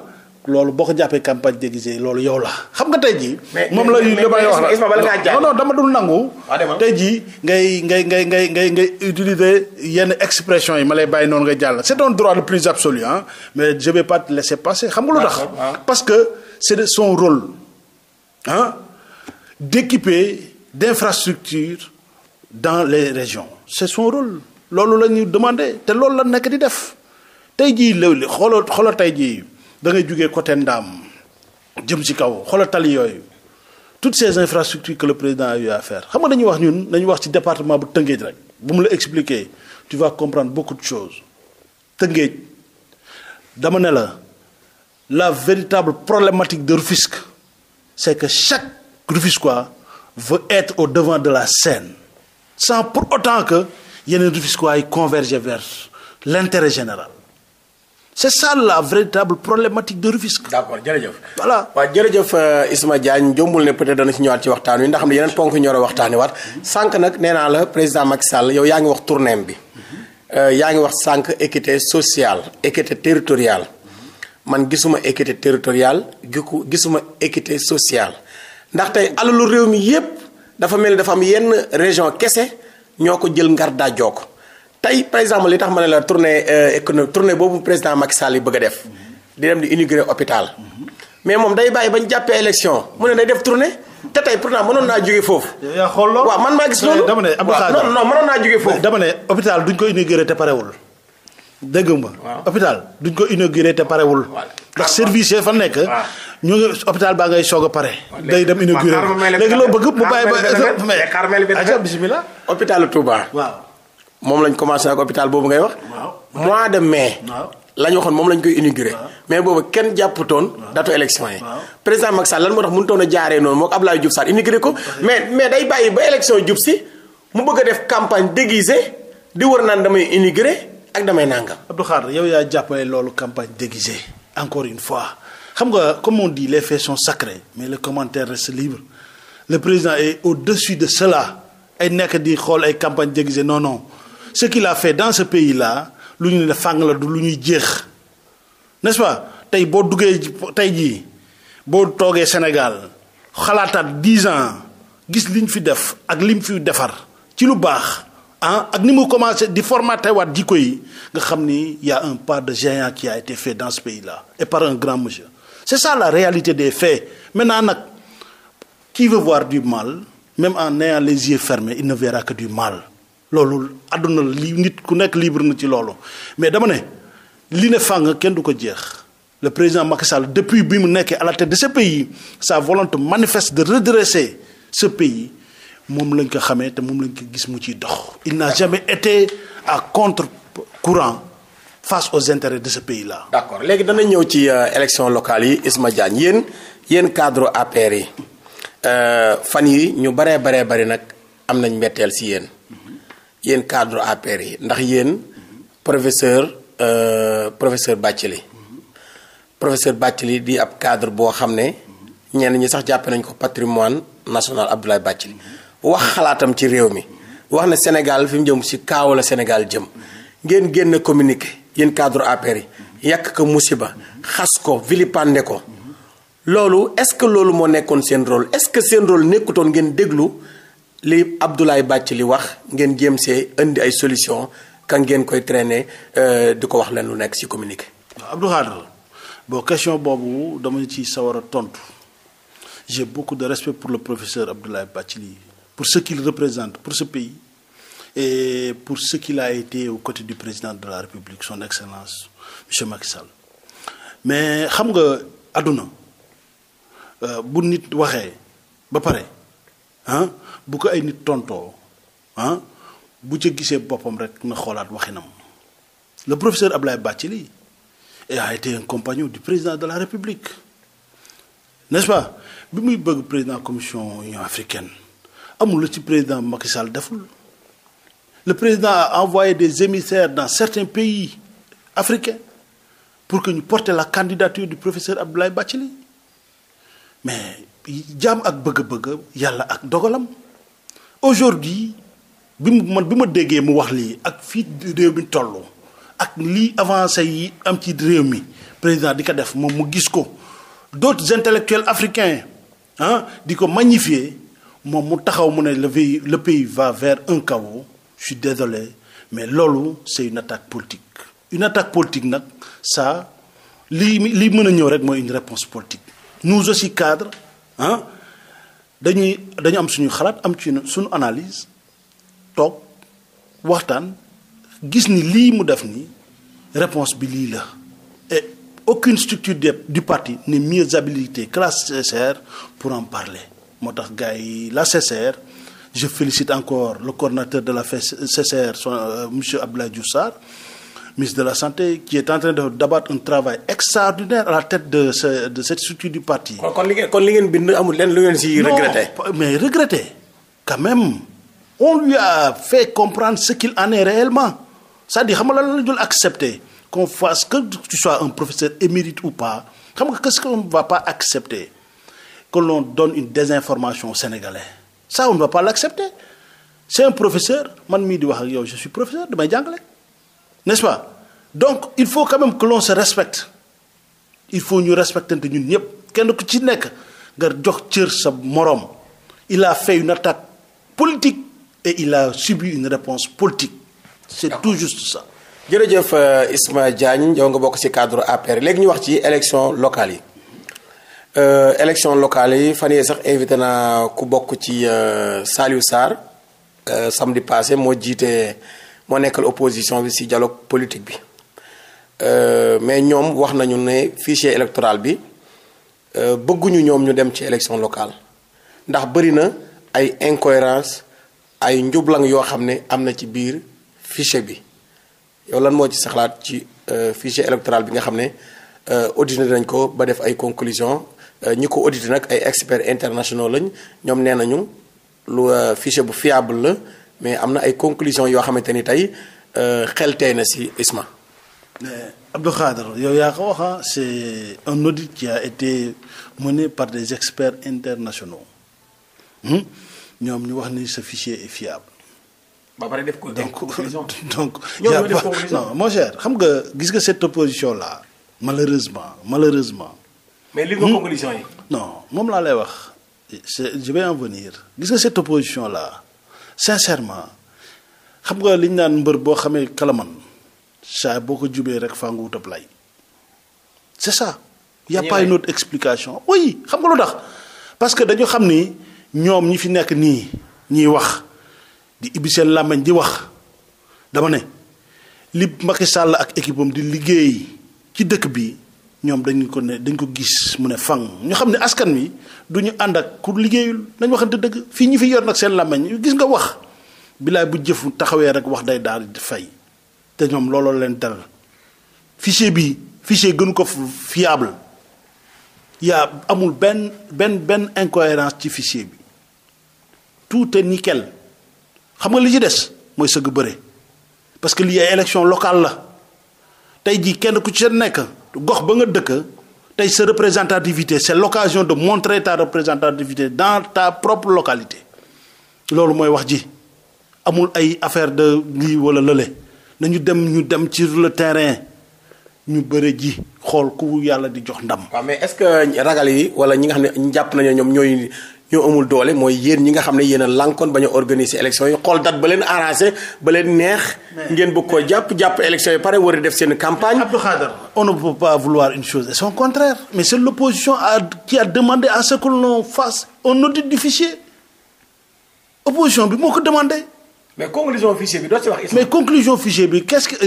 loolu boo ko jàppee campagne déguisée loolu yow la xam nga tey jii. moom la li may wax la non non dama dul nangu. Ah, tey jii ngay ngay ngay ngay ngay ngay utiliser yenn expression yi ma lay bàyyi noonu nga jàll. c'est un droit le plus absolu ah mais je vais pas te laisser passer xam nga lu tax. parce que c'est son rôle ah d'équiper d'infrastructures dans les régions c'est son rôle loolu la ñuy demander te loolu la nekk di def tey jii loolu xooloo xooloo tey jii. da ngay jugee côté Ndaam jëm ci kaw xoola tali yooyu toutes ces infrastructures que le président a eu à xam nga dañuy wax ñun dañuy wax ci département bu Tëngéej rek bu mu la expliquer tu vas comprendre beaucoup de choses Tëngéej dama ne la la véritable problématique de Rufisque c'est que chaque Rufisquois veut être au devant de la scène sans pour autant que yeneen Rufisquois ay converger vers l'intérêt général c'est ça la véritable problématique de Rufisque. d'accord jërëjëf. voilà waaw jërëjëf euh, Isma Diagne jombul ne peut-être dana ci ñëwaat ci waxtaan wi ndax xam ne yeneen ponk ñoro waxtaani waat sànq nag nee naa la président Macky Sall yow yaa ngi wax tournée bi euh, yaa ngi wax sànq équité sociale équité territoriale man gisuma équité territoriale giku gisuma équité sociale ndaxte tey alalu réew mi yépp dafa mel ni dafa am yenn région kese ñoo ko jël ngar daa ko tey par exemple yi tax ma ne la tournée euh, économique tournée boobu président Macky Sall yi bëgg a def di dem di inaugurer hôpital mais moom day bàyyi bañ jàppee élection mu ne day def tournée te tey pourtant mënoon naa jóge foofu. yaa xool loolu man maa gis loolu. dama ne naa jóge foofu. dama ne hôpital duñ ko inauguré te parewul. dégg nga ma. hôpital duñ ko inauguré te parewul. ndax service yi fa nekk. ñu ngi hôpital baa ngay soog a pare. day dem inauguré léegi loo bëgg mu bàyyi ba. mais xaaral ma leen benn xeet Touba moom lañ commencé ak hôpital boobu ngay wax. mois de mai. la ñu waxoon moom lañ koy inauguré. mais boobu kenn jàpputoon. datu élection yi. président Macky Sall lan moo tax mënutoon a jaaree noonu moog Abdoulaye Diouf Sarr inauguré ko. mais mais day bàyyi ba élection jub si mu bëgg a def campagne déguisée di wër naan damay inauguré ak damay nangam. Abdou xaar yow yaa jàppale loolu campagne déguisée encore une fois xam nga comme on dit les faits sont sacrés mais le commentaire reste libre le président est au-dessus de cela ay nekk di xool ay campagne déguisée non ce qu'il a fait dans ce pays-là lu ñu ne fàng la du lu ñuy jeex n'est-ce pas tey boo duggee tey jii boo toogee Sénégal xalaataat dix ans gis li liñ fi def ak li lim fi defar ci lu baax ah ak ni mu commencé di formaté waat jikko nga xam ni y un pas de géant qui a été fait dans ce pays-là et par un grand monsieur c'est ça la réalité des faits maintenant nag qui veut voir du mal même en ayant les yeux ferme il que du mal loolu àdduna li nit ku nekk libre na ci loolu mais dama ne li ne fàng kenn du ko jeex le président Macky Sall depuis bi mu nekkee à de ce pays sa volonté manifeste de redresser ce pays moom lañ ko xamee te moom lañ ko gis mu ciy dox. il n'a jamais été à contre-courant. face aux intérêts de ce pays-là. d'accord léegi dana ñëw ci euh, élections locales yi Isma Diagne yéen yéen cadre APR yi euh, fan yi ñu baree baree bari nag am nañ mbetteel si yéen. yéen cadre APR yi ndax yéen professeur euh, professeur Bathily professeur Bathily di ab cadre boo xam ne ñenn ñi sax jàppe nañ ko patrimoine national Abdoulaye Bathily wax xalaatam ci réew mi wax ne Sénégal fi mu jëm si kaaw Sénégal jëm ngeen génn communiqué yéen cadre APR yi yàq ko musiba xas ko vilipande ko loolu est-ce que loolu moo nekkoon seen rôle est-ce que seen rôle nekkutoon ngeen déglu li Abdoulaye li wax ngeen jéem see indi ay solution ka ngeen koy traîner euh, di ko wax leen lu nekk ci communiqué. waaw Abdou Khadre question boobu dama ci sawar a tontu j'ai beaucoup de respect pour le professeur Abdoulaye li pour ce qu'il représente pour ce pays et pour ce qu'il a été aux du président de la République son excellence monsieur Macky Sall mais xam nga àdduna euh, bu nit waxee ba pare. ah bu ko ay nit tontoo ah bu ca gisee boppam rek na xoolaat waxinam le professeur Ablaye Bathily a été un compagnon du président de la République n'est-ce pas bi muy bëgg président commission union africaine amul la ci président Macky Sall deful le président a envoyé des émissaires dans certains pays africains pour que ñu porté la candidature du professeur Abdoulaye Bathily mais jaam ak bëgg-bëgg yàlla ak dogalam aujourd'hui bi mu man bi ma déggee mu wax lii ak fii réew mi toll ak lii avancé yi am ci réew mi président di ko def moom mu gis ko doot intellectuels africain ah di ko magnifier moom mu taxaw mu ne le pays le pays va vers un chaos je suis désolé mais loolu c'est une attaque politique une attaque politique nag ça lii lii mën a ñëw rek mooy une réponse politique nous aussi cadres ah dañuy dañu am suñu xalaat am ci suñu analyse toog waxtaan gis ni lii mu def nii réponse bi lii la et aucune structure du parti n'est mieux habilitée que la pour en parler moo tax gars yi la CCR je félicite encore le coordonnateur de la CCR son euh, monsieur Abdoulaye Diouf ministre de la Santé, qui est en train d'abattre un travail extraordinaire à la tête de, ce, de cette structure du parti. kon li ngeen kon li ngeen bind amul si regretté. mais regretté quand même on lui a fait comprendre ce qu'il en est réellement c'est-à-dire xam la dul accepter qu'on fasse que tu sois un professeur émérite ou pas xam nga qu'est-ce qu'on ne va pas accepter que l'on donne une désinformation aux Sénégalais ça on ne va pas l'accepter c'est un professeur man mii di wax ak yow je suis professeur damay jàngale. nest pas donc il faut quand même que l'on respecte il faut ñu respectante ñun ñëpp kenn ku ci nekk nga jox cër sa moroom il a fait une attaque politique et il a subi une réponse politique c'est tout juste ça jërëjëf euh, Isma Diagne yow nga bokk ci cadre APR léegi ñu wax ci élection locale yi euh, élection locale yi fan yee sax invité naa ku bokk ci euh, Saliou Sarr samedi passé moo jiite moo nekkal opposition bi ci dialogue politique bi euh, mais ñoom wax nañu ne fichier électoral bi euh, bëgguñu ñoom ñu dem ci élection locale ndax bëri na ay incohérence ay njublang yoo xam ne am na ci biir fichier bi yow lan moo ci saxlaat ci euh, fichier électoral bi nga xam ne audité nañ ko ba def ay conclusion ñi ko auditi nag ay experts internationaux lañ ñoom nee nañu lu fichier bu fiable la mais am na ay conclusions yoo xamante ni tey euh, xel xeltee na si ISMA. Abdou Khader yow yaa ko wax ah, c'est un audit qui a été mené par des experts internationaux hmm? ñoom ñu wax ni ce fichier est fiable. ba pare def ko donc donc. ñoom def non mon cher xam nga gis nga cette opposition là malheureusement malheureusement. mais li nga hmm? conclusion yi. non moom laa lay wax je vais en venir gis nga cette opposition là. sincèrement xam nga liñ naan mbër boo xamee kalaman saa boo ko jubee rek faa nga wut ab lay c'est ça. y a explication oui xam nga lu tax parce que dañu xam ni ñoom ñi fi nekk nii ñuy wax di ibbi seen làmmiñ di wax dama ne li Macky sàll ak équipe am di liggéey ci dëkk bi ñoom dañu ko ne dañ ko gis mu ne fang ñu xam ne askan wi du ñu ànd ak ku liggéeyul nañ waxante dëgg fii ñu fi yor nag seen làmmeñ gis nga wax bilaay bu jëfu taxawee rek wax day daal di fay te ñoom looloo leen dal fichier bi fichier gënu ko fiable yaa amul benn benn benn incohérence ci fichier bi tout est nickel xam nga li ci des mooy sëgg bëre parce que lii élection locale la tey jii kenn ku ci seen nekk gox ba nga dëkk tey sa représentativité c'est l'occasion de montrer ta représentativité dans ta propre localité loolu mooy wax ji amul ay affaire de lii wala lële nañu dem ñu dem ci le terrain ñu bëre ji xool ku yàlla di jox ndam. waaw mais est-ce que ragal yi wala ñi nga xam ne jàpp nañu ñoom ñooy. ñoo amul doole mooy yéen ñi nga xam ne yéen a lànkoon bañ a élection yi xool date ba leen arrangé ba leen neex. ngeen bëgg koo jàpp jàpp élection yi pare war def seen campagne. Abdou Khader on ne peut pas vouloir une chose et contraire. mais c'est l'opposition à qui a demandé à ce que l'on fasse un audit opposition bi moo ko demande mais conclusion fichier bi doo ci wax. mais conclusion fichier bi qu'est-ce que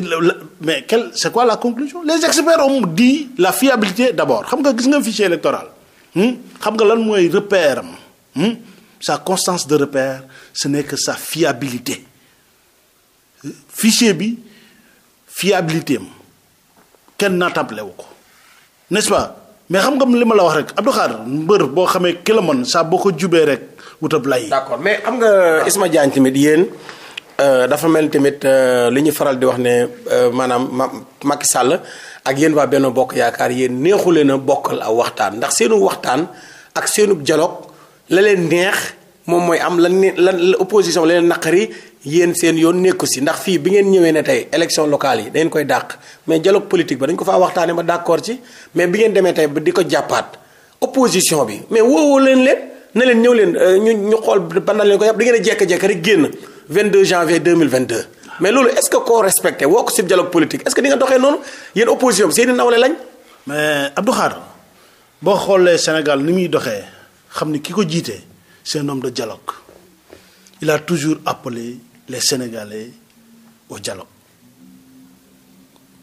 mais quelle c'est quoi la conclusion les experts ont dit la fiabilité d'abord xam nga gis nga fichier électoral hmm? xam nga lan mooy repère Hum? Sa constance de repère ce n'est que sa fiabilité fichier bi fiabilité am kenn naatable wu ko nest pas mais xam nga li ma la wax rek Abdou Khadre mbër boo xamee ki la saa boo ko jubee rek wutab lay. d'accord mais xam nga Isma Diagne tamit yéen euh, dafa mel tamit euh, li ñu faral di wax ne euh, maanaam ma Macky sàll ak yéen waa benn bokk yaakaar yéen neexule na bokkal aw waxtaan ndax seenu waxtaan ak seenu dialogue la leen neex moom mooy am lan lan opposition la leen naqari yéen seen yoon nekku si ndax fii bi ngeen ñëwee ne tey élection locale yi dañ koy dàq mais dialogue politique ba dañ ko faa waxtaanee ma d'accord ci mais bi ngeen tey ba di ko jàppaat opposition bi mais woowoo leen leen na leen ñëw leen euh, ñu ñu xool ban leen ko yàpp di ngeen a jékki-jékki rek génn 22 janvier 2022. mais loolu est-ce que koo respecté woo ko si dialogue politique est-ce que di nga doxee noonu yéen opposition bi seen nawle lañ. mais Abdou xaar boo xoolee Sénégal ni muy doxee. xam ne ki ko jiite c'est un de dialogue il a toujours appelé les sénégale au dialogue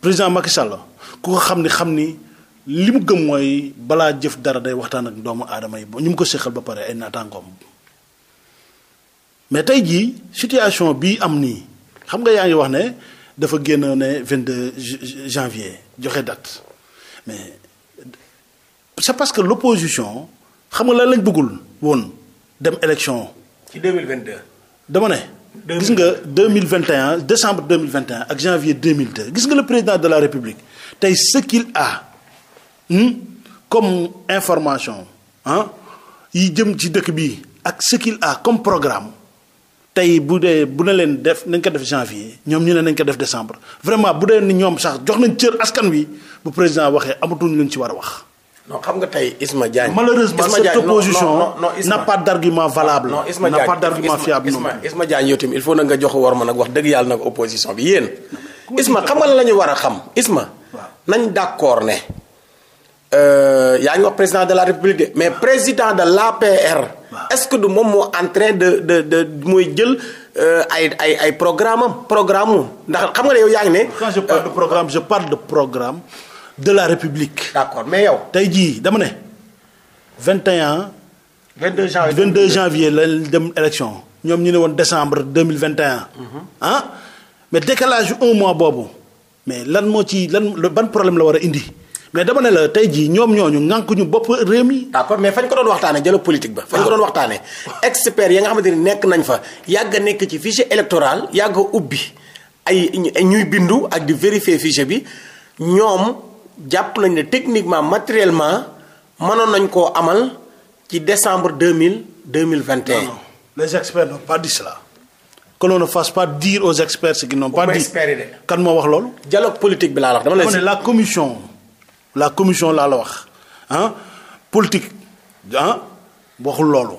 président Macky Sall ku ko xam ni xam ni li mu gëm mooy balaa jëf dara day waxtaan ak doomu aadama yi ba ñu mu ko séqal ba pare ay naataangoom mais tey jii situation bii am nii xam nga yaa ngi wax ne dafa génn ne 22 janvier joxe date mais c'est parce que l'opposition xam nga lan lañ buggul woon dem élection. ci 2022. dama ne. gis nga deux mille vingt 2021 décembre 2021 ak janvier 2002 gis nga le président de la république tey ce qu'il a hmm, comme information ah yi jëm ci dëkk bi ak ce qu'il a comme programme. tey bu dee bu ne leen def nañ ko def janvier ñoom ñu ne nañ ko def décembre vraiment bu dee ni ñoom sax jox nañ cër askan wi bu président waxee amatuñ luñ ci war a wax. non xam nga tey Isma Diagne. malheureusement cette opposition n'a pas n'a pas d'argument fiable non Isma Diagne yow tamit il faut na nga jox war ma nag wax dëgg yàlla nag opposition bi yéen. Isma xam nga la ñu war a xam Isma. nañ d'accord ne. Euh, yaa ngi wax président de la république mais président de l'APR. est-ce que du moom moo en de de de mooy jël euh, ay ay ay programme am programme ndax xam nga ne yow yaa ngi ne. quand je de programme. de la république. d'accord mais yow. tey jii dama ne 21. 22 janvier 22 janvier la dem élection ñoom ñu ne woon décembre 2021. Mhm. ah mais décalage yu un mois boobu mais lan moo ci lan ban problème la war a indi. mais dama ne la tey jii ñoom ñooñu ŋànk ñu bopp réew mi. d'accord mais fañ ko doon waxtaanee jël politique ba. fañ ko ah. doon waxtaanee. experts yi nga xamante ni nekk nañ fa yàgg nekk ci fichier électoral yàgg ubbi ay ñuy bindu ak di vérifier fichier bi ñoom. jàpp nañ ne techniquement matériellement manoon nañ koo amal ci décembre deux mille deux mille vingt et les experts n'ont pas dit cela. que l'on ne fasse pas dire kan moo wax loolu. dialogue politique bi laa la wax dama la commission la commission laa la wax ah politique ah waxul loolu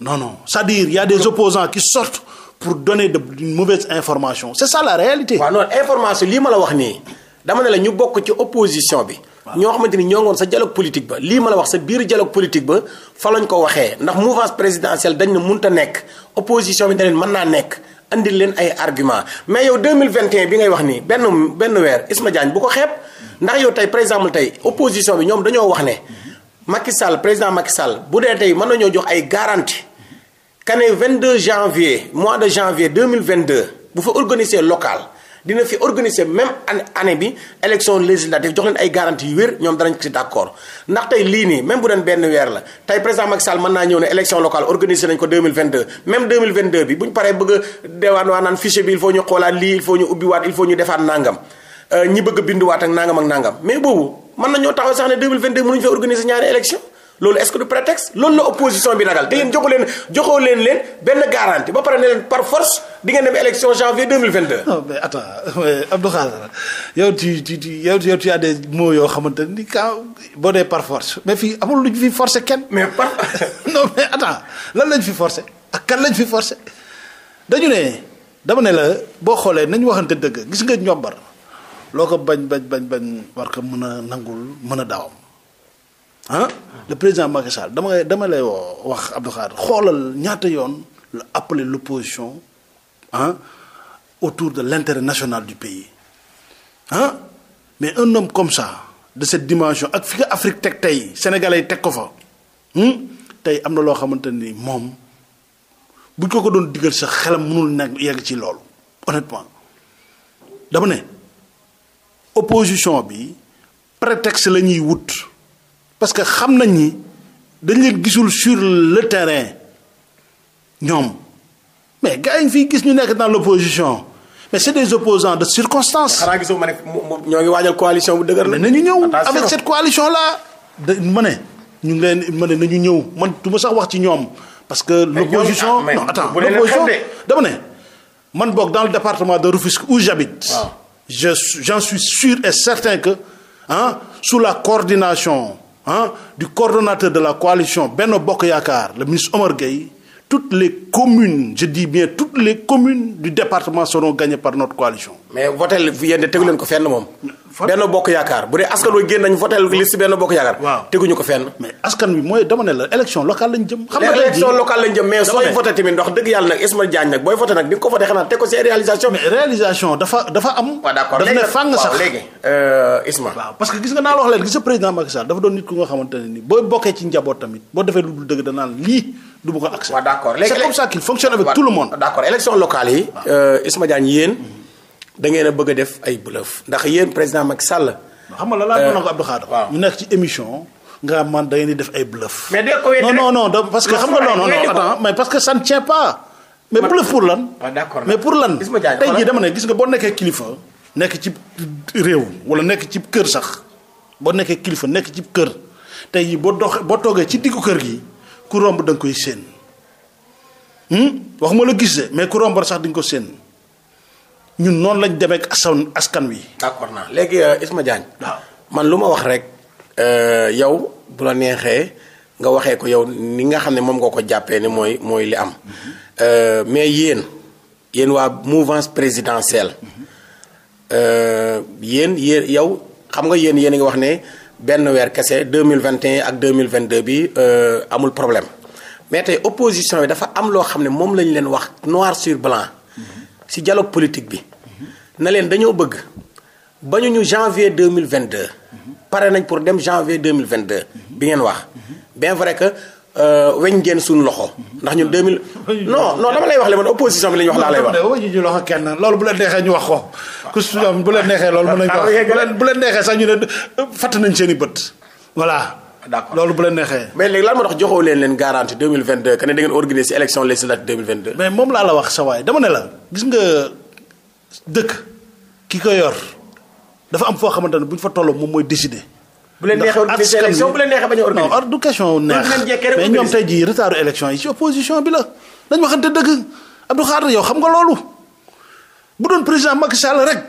non non c'est-à-dire il y a des opposants qui sortent pour donner de une mauvaise information c'est ça la réalité. waaw non information lii ma la wax nii. dama ne la ñu bokk ci opposition bi. ñoo xamante ni ñoo ngoon sa dialogue politique ba lii ma la wax sa biir dialogue politique ba fa lañ ko waxee ndax mouvance présidentielle dañ ne munta nekk opposition bi da leen mën naa nekk indi leen ay argument mais yow 2021 bi ngay wax nii benn benn weer Isma Diagne bu ko xeeb ndax yow tey par exemple tey opposition bi ñoom dañoo wax ne Macky Sall président Macky Sall bu dee tey mën nañoo jox ay garantie que ne 22 janvier mois de janvier 2022 bu fa organiser local dina fi organiser même année bi élection législative jox leen ay garantie yu wér ñoom danañ ko si ndax tey lii nii même bu doon benn weer la tey président Macky Sall mën naa ñëw ne élection locale organiser nañ ko 2022 même 2022 bi bu ñu paree bëgg a deewaan waa naan fichier bi il faut ñu xoolaat lii il faut ñu ubbiwaat il faut ñu defaat nangam euh, ñi bëgg a binduwaat ak nangam ak nangam mais boobu mën nañoo taxaw sax ne 2022 mënuñu fa loolu est-ce que du prétexte loolu la opposition bi ragal te yéen joxu leen joxoo leen leen benn garantie ba pare ne leen par force di ngeen dem élection janvier 2022. mais attends Abdou Khadre yow ci ci yow yow tu as des mots yoo xamante ni ka boo dee par force mais fii amul lu ñu fi forcer kenn. mais par non mais attends lan lañ fi forcer ak kan lañ fi forcer dañu ne dama ne la boo xoolee nañ waxante dëgg gis nga ñombar loo ko bañ bañ bañ bañ war ko mën a nangul mën a daawam. ah le président Macky Sall dama dama lay wax Abdou xoolal ñaata yoon la appeler l'opposition ah autour de l'intérêt national du pays ah mais un homme comme ça de cette dimension ak fi nga Afrique teg tey sénégalais yi teg ko fa hmm? tey am na loo xamante ni moom bu ko ko doon digal sax xelam mënul nekk yegg ci loolu honnêtement dama ne opposition bi prétexte la ñuy wut. parce que xam nañ ni dañu leen gisul sur le terrain ñoom mais gars yi fii gis ñu nekk dans l'opposition mais c'est des opposants de circonstance. xanaa gisoo ma ne ñoo ngi waajal coalition bu dëgër la. mais nañu ñëw avec cette coalition là. da ma ne ñu ngi leen ma ne nañu ñëw man du sax wax ci ñoom. parce que l'opposition ah, non attends l'opposition dama ne man boog dans le département de Rufisque où j'habite je j'en suis sûr et certain que ah sous la coordination ah du coordonnateur de la coalition benn Bokk Yaakaar le ministre Omar Gueye toutes le communes je dis bien toutes les communes du département seront gagnées par notre coalition. mais votel yéen tegu leen ko fenn moom. benn bokk yaakaar bu dee askan wi génn nañu votel liste benn bokk yaakaar. waaw teguñu ko fenn. mais askan wi mooy dama ne la élection locale lañ jëm. xam nag di nga ko voté xanaa teg ko si réalisation. mais réalisation dafa dafa am. waaw d'accord dafa ne fàng sax euh, parce que gis nga naa la wax leen gis nga président Macky dafa doon nit ku nga xamante nii booy bokkee du bëgg a accès. waaw d' accord léegi c'est comme ça qu'il fonctionne avec tout le monde. d' accord yi. Euh, Isma Diagne yéen. da ngeen bëgg def ay bluff ndax yéen président mag Sall. xam nga la laa euh, doon ko Abdou nekk ci émission. nga man da ngeen di def ay bluff. mais non non non parce que xam nga non non non attends mais parce que ça ne tient pas. mais bluff pour lan. Ah, mais pour lan. tey jii dama gis nga boo nekkee kilifa. nekk ci réew wala nekk cib kër sax boo nekkee kilifa nekk ci kër tey jii boo dox boo toogee ci diggu kër gi ku romb da nga koy séen hmm? waxuma la gis mais ku romboon sax di ko séen ñun noonu lañ demee ak askan wi. d'accord naa léegi euh, Isma Diagne. man lu ma wax rek. Euh, yow bu la neexee nga waxee ko yow ni nga xam ne moom nga ko jàppee ne mooy mooy li am mm-hmm. euh, mais yéen yéen waa mouvance présidentielle mm-hmm. yéen yéen yow xam nga yéen yéen a ngi wax ne. benn weer kese 2021 ak 2022 bi euh, amul problème mais tey opposition bi dafa am loo xam ne moom lañu leen wax noir sur blanc ci dialogue politique bi na leen dañoo bëgg bañu ñu janvier 2022 pare nañ pour dem janvier 2022 bi ngeen wax bien vrai que Euh, weñ ngeen suñu loxo. ndax ñun 2000. non non dama lay wax le man opposition bi la wax laa lay wax. kenn loolu bu leen neexee ñu wax ko. ku su bu leen neexee loolu mën nañu ko wax ah, bu leen neexee sax ñu ne fàtt nañ seen i bët. voilà loolu bu leen neexee. mais léegi lan moo tax joxoo leen leen garantie 2022 que ne da ngeen organiser élection législative 2022. mais moom laa la wax sa waay dama ne la gis nga dëkk ki ko yor dafa am foo xamante ne bu ñu fa tolloo moom mooy décider. bu leen neexee organiser élection bu leen neexee a organiser. non or du question neex mais ñoom tey jii retardu élection yi ci opposition bi la dañ waxante dëgg Abdou Khadre yow xam nga loolu bu doon président Macky Sall rek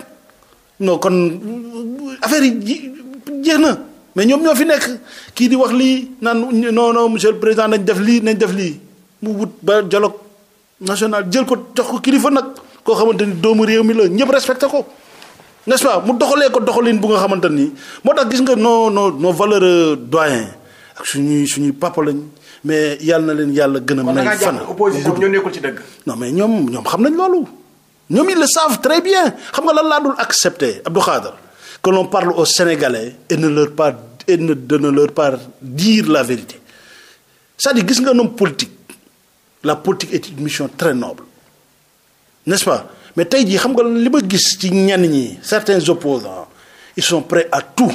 non kon affaire yi jeex na mais ñoom ñoo fi nekk kii di wax lii naan non non monsieur le président nañ def lii nañ def lii mu wut ba dialogue national jël ko jox ko kilifa nag koo xamante ni doomu réew mi la ñëpp respecté ko. n'est-ce pas mu doxalee ko doxalin bu nga xamante nii moo tax gis nga noo nos nos valeurs euh, doyen ak suñuy suñuy papa lañ mais yàlla na leen yàlla gën a may fan opposition ñoo nekkul ci dëgg non mais ñoom ñoom xam nañ loolu ñoom ils le savent très bien xam nga la laa dul accepter Abdou Khadre que l'on parle aux Sénégalais et leur par et ne de leur pas dire la vérité cest di gis nga noom politique la politique est mission très noble nest pas mais tey jii xam nga li ma gis ci ñenn ñi certains opposants ils sont prêts à tout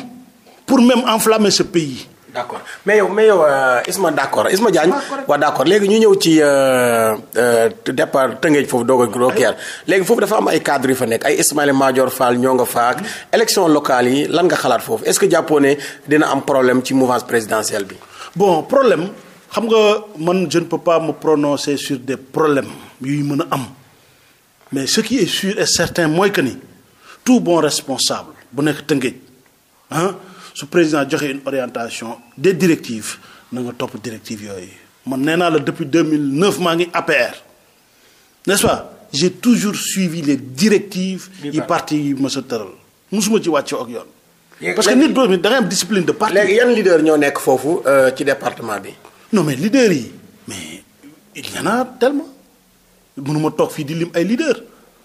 pour même enflammer ce pays. d' accord mais yow mais yow euh, Isma d' accord Isma Diagne. waaw d' accord léegi ñu ñëw ci euh, euh, départ Tëngéej foofu doog a Kelle léegi foofu dafa am ay cadre yu fa nekk ay Ismaïla Madior Fall ñoo nga faak élection locale yi lan nga xalaat foofu est ce que jàppoo ne dina am problème ci mouvance présidentielle bi. bon problème xam nga man je ne mu pas me prononcer sur des mën a am. mais ce qui est sûr et certain mooy que ni tout bon responsable bu nekk Tëngéej ah su président joxe une orientation des directives na nga topp directives yooyu man nee naa la depuis 2009 maa ngi APR n'est-ce pas j'ai toujours suivi les directives yi parti yi ma sa tëral mosuma ci wàccoo ak yoon parce que nit doomi da ngay am discipline de parti. léegi yan leader ñoo nekk foofu euh, ci département bi. non mais leader yi mais il y a tellement. mënuma toog fii di lim ay leader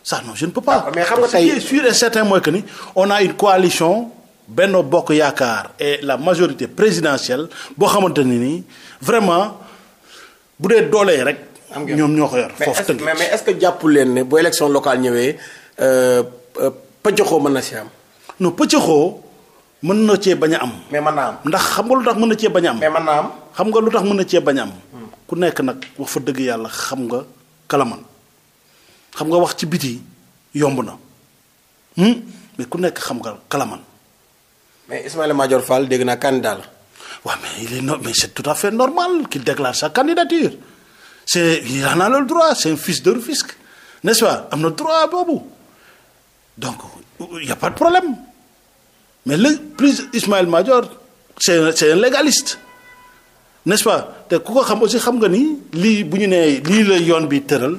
ça non je ne peux ah, mais xam nga tey ce qui est sûr et certain mooy que ni on a une coalition Benno Bokk Yaakaar et la majorité présidentielle boo xamante ne nii vraiment bu dee doolee rek. am ñoom ñoo ko yor. foofu tënk mais est-ce que jàpp leen ne bu élection locale ñëwee euh, euh, pëccëxoo mën na si am. non pëccëxoo mën na cee bañ a am. mais mën naa am ndax xam nga lu tax mën na cee bañ a am. mais mën naa am xam nga lu tax mën na cee bañ am. Hmm. dëgg yàlla xam nga. kalaman xam nga wax ci biti yomb na hmm? mais ku nekk xam nga kalaman. mais Ismaïla Madior Fall dégg na candidat daal waaw mais il est à fait normal qu'il déclare sa candidature c'est il en a le droit c'est un fils de Rufisque nest pas am na droit boobu donc il y de problème mais le plus Ismaïla Madior c'est un légaliste. n'est-ce pas te ku ko xam si xam nga ni lii bu ñu nee lii la yoon bi tëral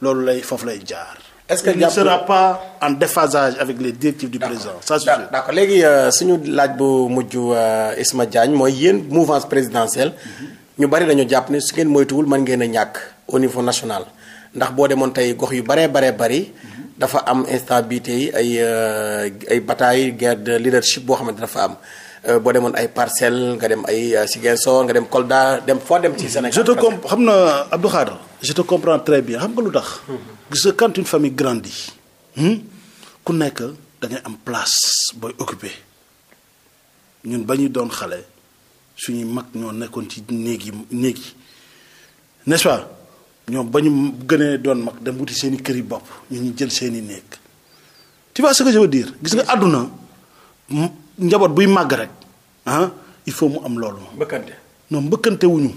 loolu lay foofu lay jaar. est-ce que il ne sera pas en déphasage avec les directives du président. ça c'est sûr d'accord euh, suñu laaj bu mujj euh, Isma Diagne mooy yéen mouvance présidentielle mhm. ñu bari dañu jàpp ne su ngeen moytuwul man ngeen a ñàkk au niveau national ndax boo demoon tey gox yu baree baree bari. Mhm. dafa am instabilité yi ay euh, ay bataille guerre de leadership boo xamante dafa am. Euh, boo demoon ay parcelles nga dem ay euh, Ziguinchor nga dem Kolda dem foo dem ci Sénégal. je te comprends xam na Abdou Khadre je te comprends très bien xam nga lu tax. gis nga quand une famille grandit. Hmm, ku nekk da am place booy occupé ñun doon xale suñuy mag ñoo nekkoon ci néeg yi néeg yi nest ñoom ba ñu doon mag dem wuti seen kër yi bopp ñu ñu jël seen i néeg njaboot buy màgg rek ah il faut mu am loolu. mbëkkante non mbëkkante wuñu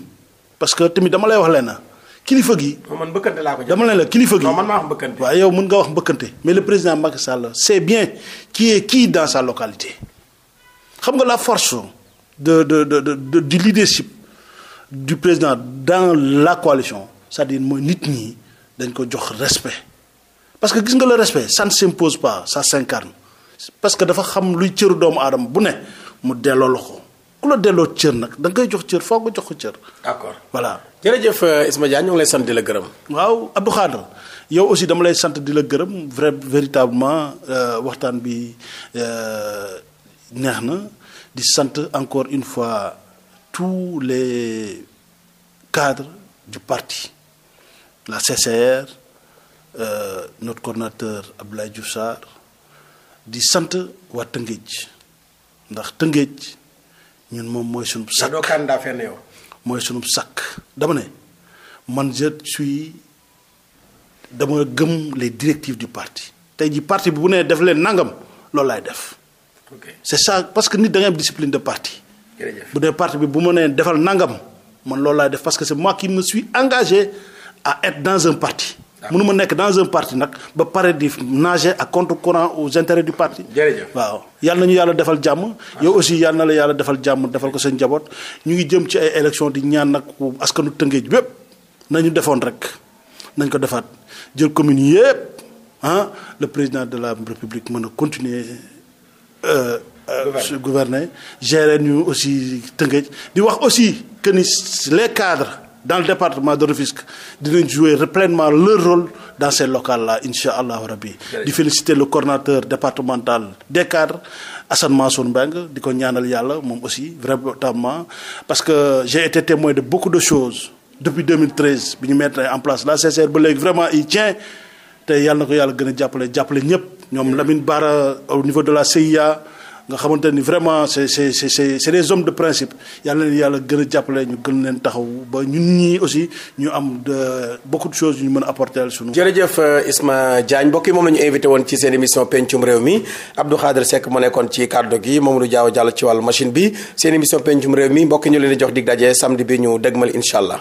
parce que tamit dama lay wax leen na kilifa gi. man mbëkkante laa ko dama la kilifa gi. man maa wax mbëkkante. yow mën nga wax mbëkkante mais le président Macky Sall c'est bien qui est qui dans sa localité xam nga la force de de de de du leadership du président dans la coalition c'est-à-dire mooy nit ñi dañ ko jox respect parce que gis nga la respect ça ne s'impose pas ça s'incarne parce que dafa xam luy cër doomu aadama bu ne mu delloo la ko ku la delloo cër nag da ngay jox cër foo ko jox ko cër. d'accord voilà. jërëjëf euh, Isma Dia ñu lay sant di la gërëm. waaw Abdou Khadre yow aussi dama lay sant di la gërëm vrai véritablement euh, waxtaan bi euh, neex na di sant encore une fois tous les cadres du parti la CCR euh, notre coordonnateur Abdoulaye Diouf di sant waa Tëngéej ndax Tëngéej ñun moom mooy sunu sàkk doo candidat mooy sunu sàkk dama ne man je suis dama gëm les directives du parti tey ji parti bu nee def leen nangam loolu laay def. ok c'est ça parce que nit da ngay am discipline de parti. bu dee parti bi bu ma nee defal nangam man loolu laay def parce que c'est moi qui me suis engagé à être dans un parti. Ah. mënu ma nekk dans un parti nag ba pare di nager ak contre courant aux intérêts du parti. jërëjëf waaw yal na ñu yàlla defal jàmm. Ah. yow aussi yal na la yàlla defal jàmm defal ko seen njaboot ñu ngi jëm ci ay élection di ñaan nag askanu Tëngéej bépp nañu defoon rek nañ ko defaat jël commune yépp ah le président de la république mën a continuer. Euh, euh, gouverner gérer ñu aussi Tëngéej di wax aussi que ni les cadres. dans le département de Rufisque dinañ jouer pleinement leur rôle dans ces locales là incha allahu rabbi di féliciter le coordonnateur départemental des cadres Assane Mansour di ko ñaanal yàlla moom aussi véritablement parce que j'ai été témoin de beaucoup de choses depuis 2013 bi ñu mettre en place la CCR ba léegi vraiment il tient te yàlla na ko yàlla gën a jàppale jàppale ñëpp ñoom Lamine Bara au niveau de la CIA nga xamante ni vraiment c'est c'est c'est c'est de principe yàlla leen yàlla gën a jàppale ñu gën leen taxaw ba ñun ñii aussi ñu am beaucoup de choses yu ñu mën a apporter sunu. jërëjëf euh, Isma Diagne mbokk yi moom la ñu invité woon ci seen émission pencum réew mi Abdou Khadre Seck mu nekkoon ci kàddu gi moom Mamadou Diaw jàll ci wàllu machine bi seen émission pencum réew mi mbokk ñu leen di jox dig daje samedi bi ñu dëgmal incha allah.